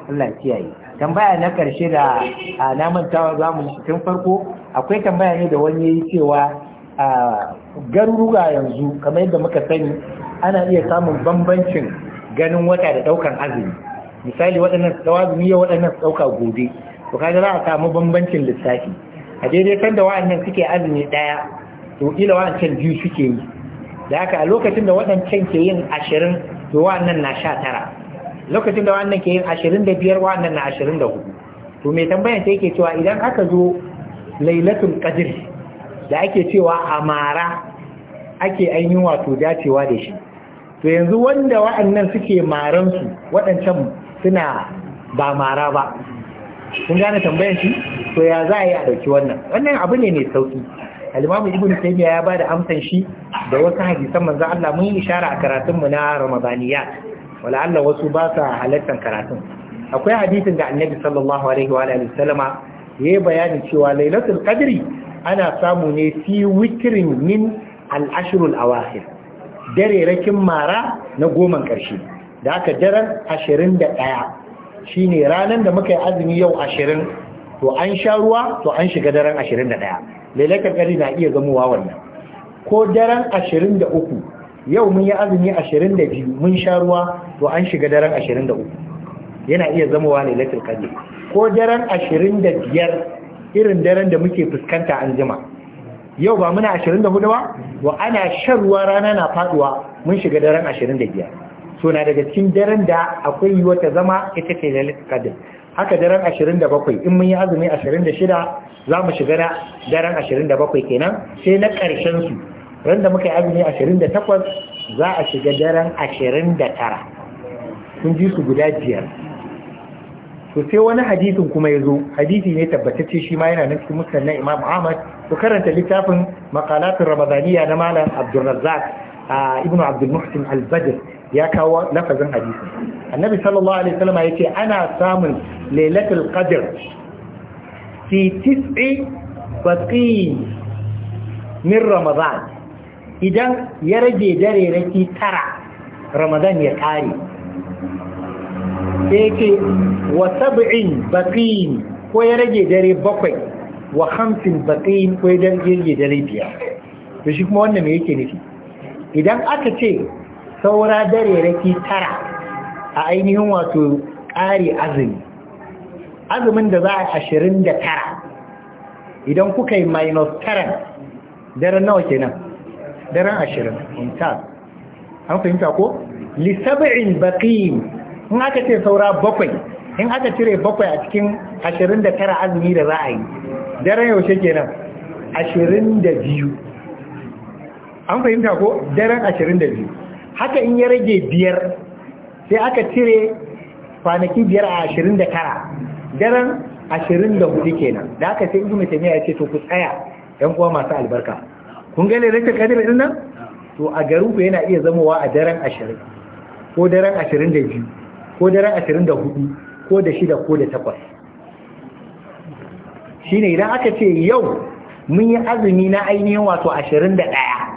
Allah ya kiyaye tambaya na karshe da na mantawa za mu tun farko akwai tambaya ne da wani yayi cewa garuruwa yanzu kamar yadda muka sani ana iya samun bambancin ganin wata da daukan azumi misali waɗannan su azumi waɗannan tsauka gobe to kaga za a samu bambancin lissafi a daidai kan da wa'annan suke azumi daya to kila wa'ancan biyu suke yi da haka a lokacin da waɗancan ke yin ashirin to wa'annan na sha tara lokacin da wannan ke yin ashirin da biyar wa'annan na ashirin da hudu to mai tambayan ta yake cewa idan aka zo lailatul qadr da ake cewa amara ake ainihin wato dacewa da shi to yanzu wanda wa'annan suke maransu waɗancan suna ba mara ba kun gane tambayan shi to ya za a yi a ɗauki wannan wannan abu ne mai sauki Alimamu imamu ibnu taymiya ya bada amsan shi da wasu hadisan manzo Allah mun yi ishara a karatun mu na ramadaniyat wala Allah wasu ba sa halattan karatun akwai hadisin da annabi sallallahu alaihi wa alihi sallama yayi bayani cewa lailatul qadri ana samu ne fi witrin min al-ashrul awakhir darerakin mara na goman karshe da aka daren 21 shine ranar da muka yi azumi yau ashirin to an sha ruwa to an shiga daren ashirin da ɗaya. lailatul gari na iya zamowa wannan ko daren 23 yau mun yi azumi 22 mun sha ruwa to an shiga daren 23 yana iya zamowa lailatul gari ko daren 25 irin daren da muke fuskanta an jima yau ba muna 24 ba wa ana shan ruwa rana na faduwa mun shiga daren 25 so na daga cikin daren da akwai yiwuwa ta zama ita ce lailatul gari haka daren 27 in mun yi azumi 26 za mu shiga daren 27 kenan sai na ƙarshen su ran da muka yi azumi 28 za a shiga daren 29 sun ji su guda biyar to sai wani hadisin kuma ya zo hadisi ne tabbatacce shi ma yana nufin cikin na Imam Ahmad to karanta littafin maqalatul ramadaniya na malam Abdurrazzaq ibn Abdul Muhsin Al-Badr ya kawo lafazin hadisi annabi sallallahu alaihi wasallam ya ce ana samun lailatul qadr fi tis'i baqi min ramadan idan ya rage dare raki tara ramadan ya kare sai ce wa sab'in baqin ko ya rage dare bakwai wa hamsin baqin ko ya rage dare biyar to shi kuma wannan me yake nufi idan aka ce saura dare rafi tara a ainihin wato ƙari azumi azumin da za a ashirin da tara idan kuka yi minus tara daren nawa kenan daren ashirin inta an fahimta ko lissabi'in baƙi in aka ce saura bakwai in aka cire bakwai a cikin ashirin da tara azumi da za a yi daren yaushe kenan ashirin da biyu an fahimta ko daren ashirin da biyu haka in ya rage biyar sai aka cire kwanaki biyar a ashirin da tara daren ashirin da hudu kenan da aka sai ibnu mutane ya ce to ku tsaya yan uwa masu albarka kun gane rashin kadir din nan to a garin ku yana iya zamowa a daren ashirin ko daren ashirin da biyu ko daren ashirin da hudu ko da shida ko da takwas shine idan aka ce yau mun yi azumi na ainihin wato ashirin da ɗaya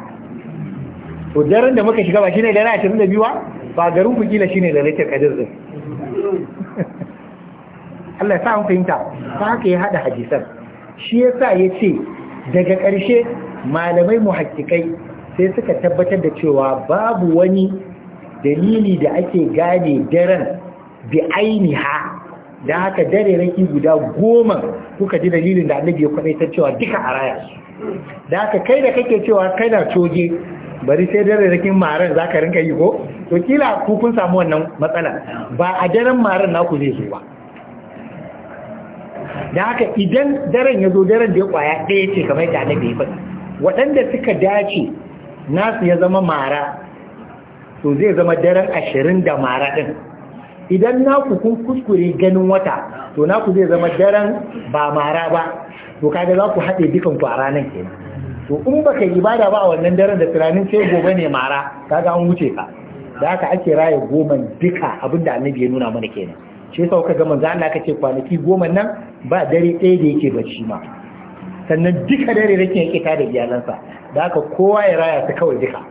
to daren da muka shiga ba shine da ashirin da ba ba garin ku kila shine da laitar kadir din (laughs) Allah ya sa an fahimta ka ka ya hada hadisan shi yasa ya ce daga karshe malamai hakikai sai suka tabbatar da cewa babu wani dalili da ake gane daren bi ainiha da haka dare raki guda goma kuka ji dalilin da annabi ya kwadaitar cewa duka a raya da haka kai da kake cewa kai na coge bari sai dare kin maran za ka rinka yi ko to kila ku kun samu wannan matsala ba a daren maran naku zai zo ba da haka idan daren ya zo daren da ya kwaya ɗaya ce kamar da na bai faɗi waɗanda suka dace nasu ya zama mara to zai zama daren ashirin da mara ɗin idan naku kun kuskure ganin wata to naku zai zama daren ba mara ba to kaga za ku haɗe dukanku a ranar kenan to in baka ibada ba a wannan daren da tunanin sai gobe ne mara kaga an wuce ka da haka ake raye goma duka abinda annabi ya nuna mana kenan shi yasa kuka ga manzo Allah kace kwanaki goma nan ba dare ɗaya da yake bacci ma sannan duka dare rake yake ta da iyalansa da haka kowa ya raya ta kawai duka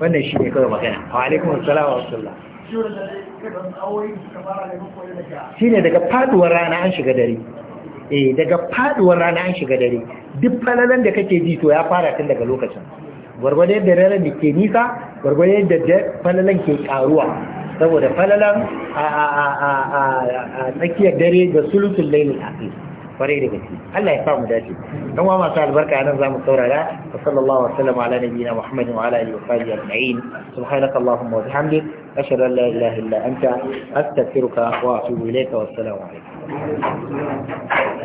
wannan shi ne kawai magana wa alaikum assalam wa rahmatullah shi ne daga faduwar rana an shiga dare eh daga faduwar rana an shiga dare duk falalan da kake ji to ya fara tun daga lokacin gwargwado yadda rana da ke nisa gwargwado yadda falalan ke karuwa saboda falalan a tsakiyar dare da sulutun lailin akhir kwarai da gaske Allah ya samu dace dan wa masu albarka nan zamu saurara wa sallallahu alaihi wa sallam ala nabiyyina muhammadin wa ala alihi wa sahbihi ajma'in subhanakallahumma wa bihamdik ashhadu an la ilaha illa anta astaghfiruka wa atubu ilayka wa assalamu alaikum